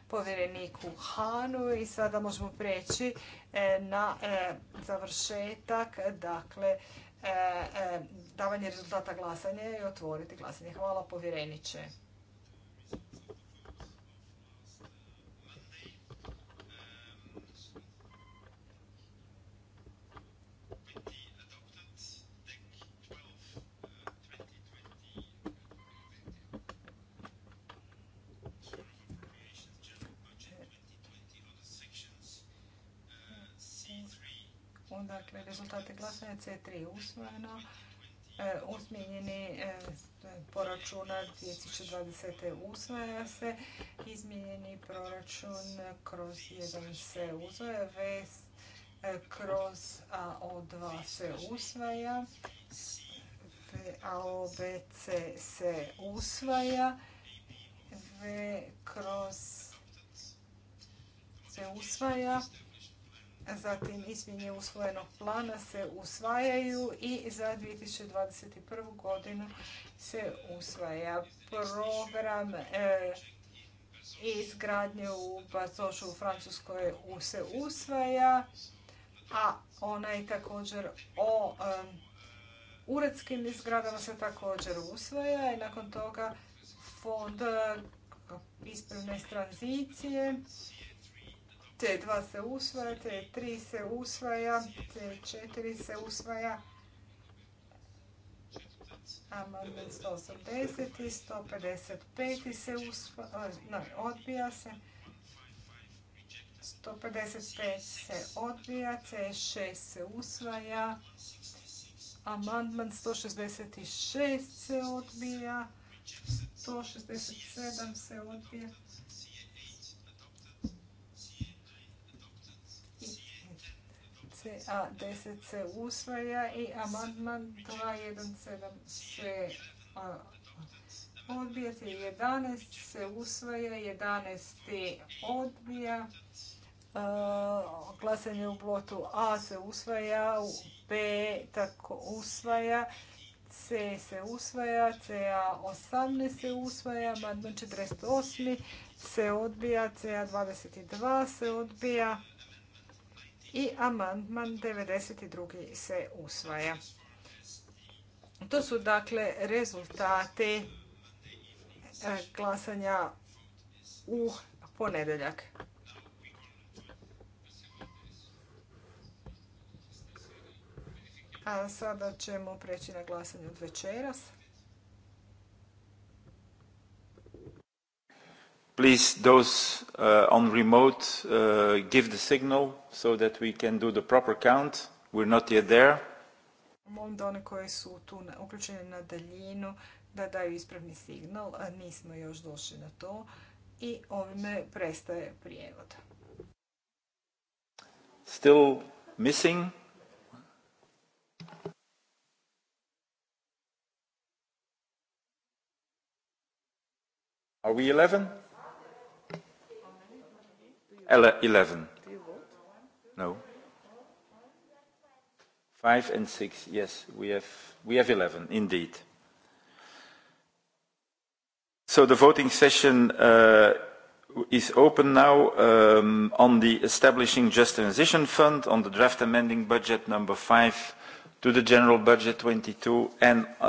povjereniku Hanu i sada možemo preći e, na e, završetak, dakle, e, davanje rezultata glasanja i otvoriti glasanje. Hvala povjereniče. Dakle, rezultate glasanja C3 usvojeno. E, usmijenjeni e, proračun 2020. usvaja se. Izmijenjeni proračun kroz 1 se usvaja. V e, kroz AO2 se usvaja. AOBC se usvaja. V kroz se usvaja zatim izmjenje usvojenog plana se usvajaju i za 2021. godinu se usvaja program e, izgradnje u Bazošu u Francuskoj se usvaja, a ona je također o e, uredskim zgradama se također usvaja i nakon toga fond e, ispravne tranzicije T2 se usvaja, T3 se usvaja, T4 se usvaja. Amandman 180 i 155 se usvaja, odbija se. 155 se odbija, C6 se usvaja, amandman 166 se odbija, 167 se odbija, A10 se usvaja i amandman 217 se odbija 11 se usvaja, 11 odbija. glasenje glasanje u blotu A se usvaja, B tako usvaja, C se usvaja, a 18 se usvaja, amandman 48 se odbija, a 22 se odbija, i amandman 92. se usvaja. To su dakle rezultati e, glasanja u ponedeljak. A sada ćemo preći na glasanje od večeras. please those uh, on remote uh, give the signal so that we can do the proper count we're not yet there molim da one koji su tu uključeni na daljinu da daju ispravni signal a nismo još došli na to i ovime prestaje prijevod still missing Are we 11? 11. No. 5 and 6, yes, we have, we have 11, indeed. So the voting session uh, is open now um, on the Establishing Just Transition Fund, on the draft amending budget number 5 to the general budget 22, and uh,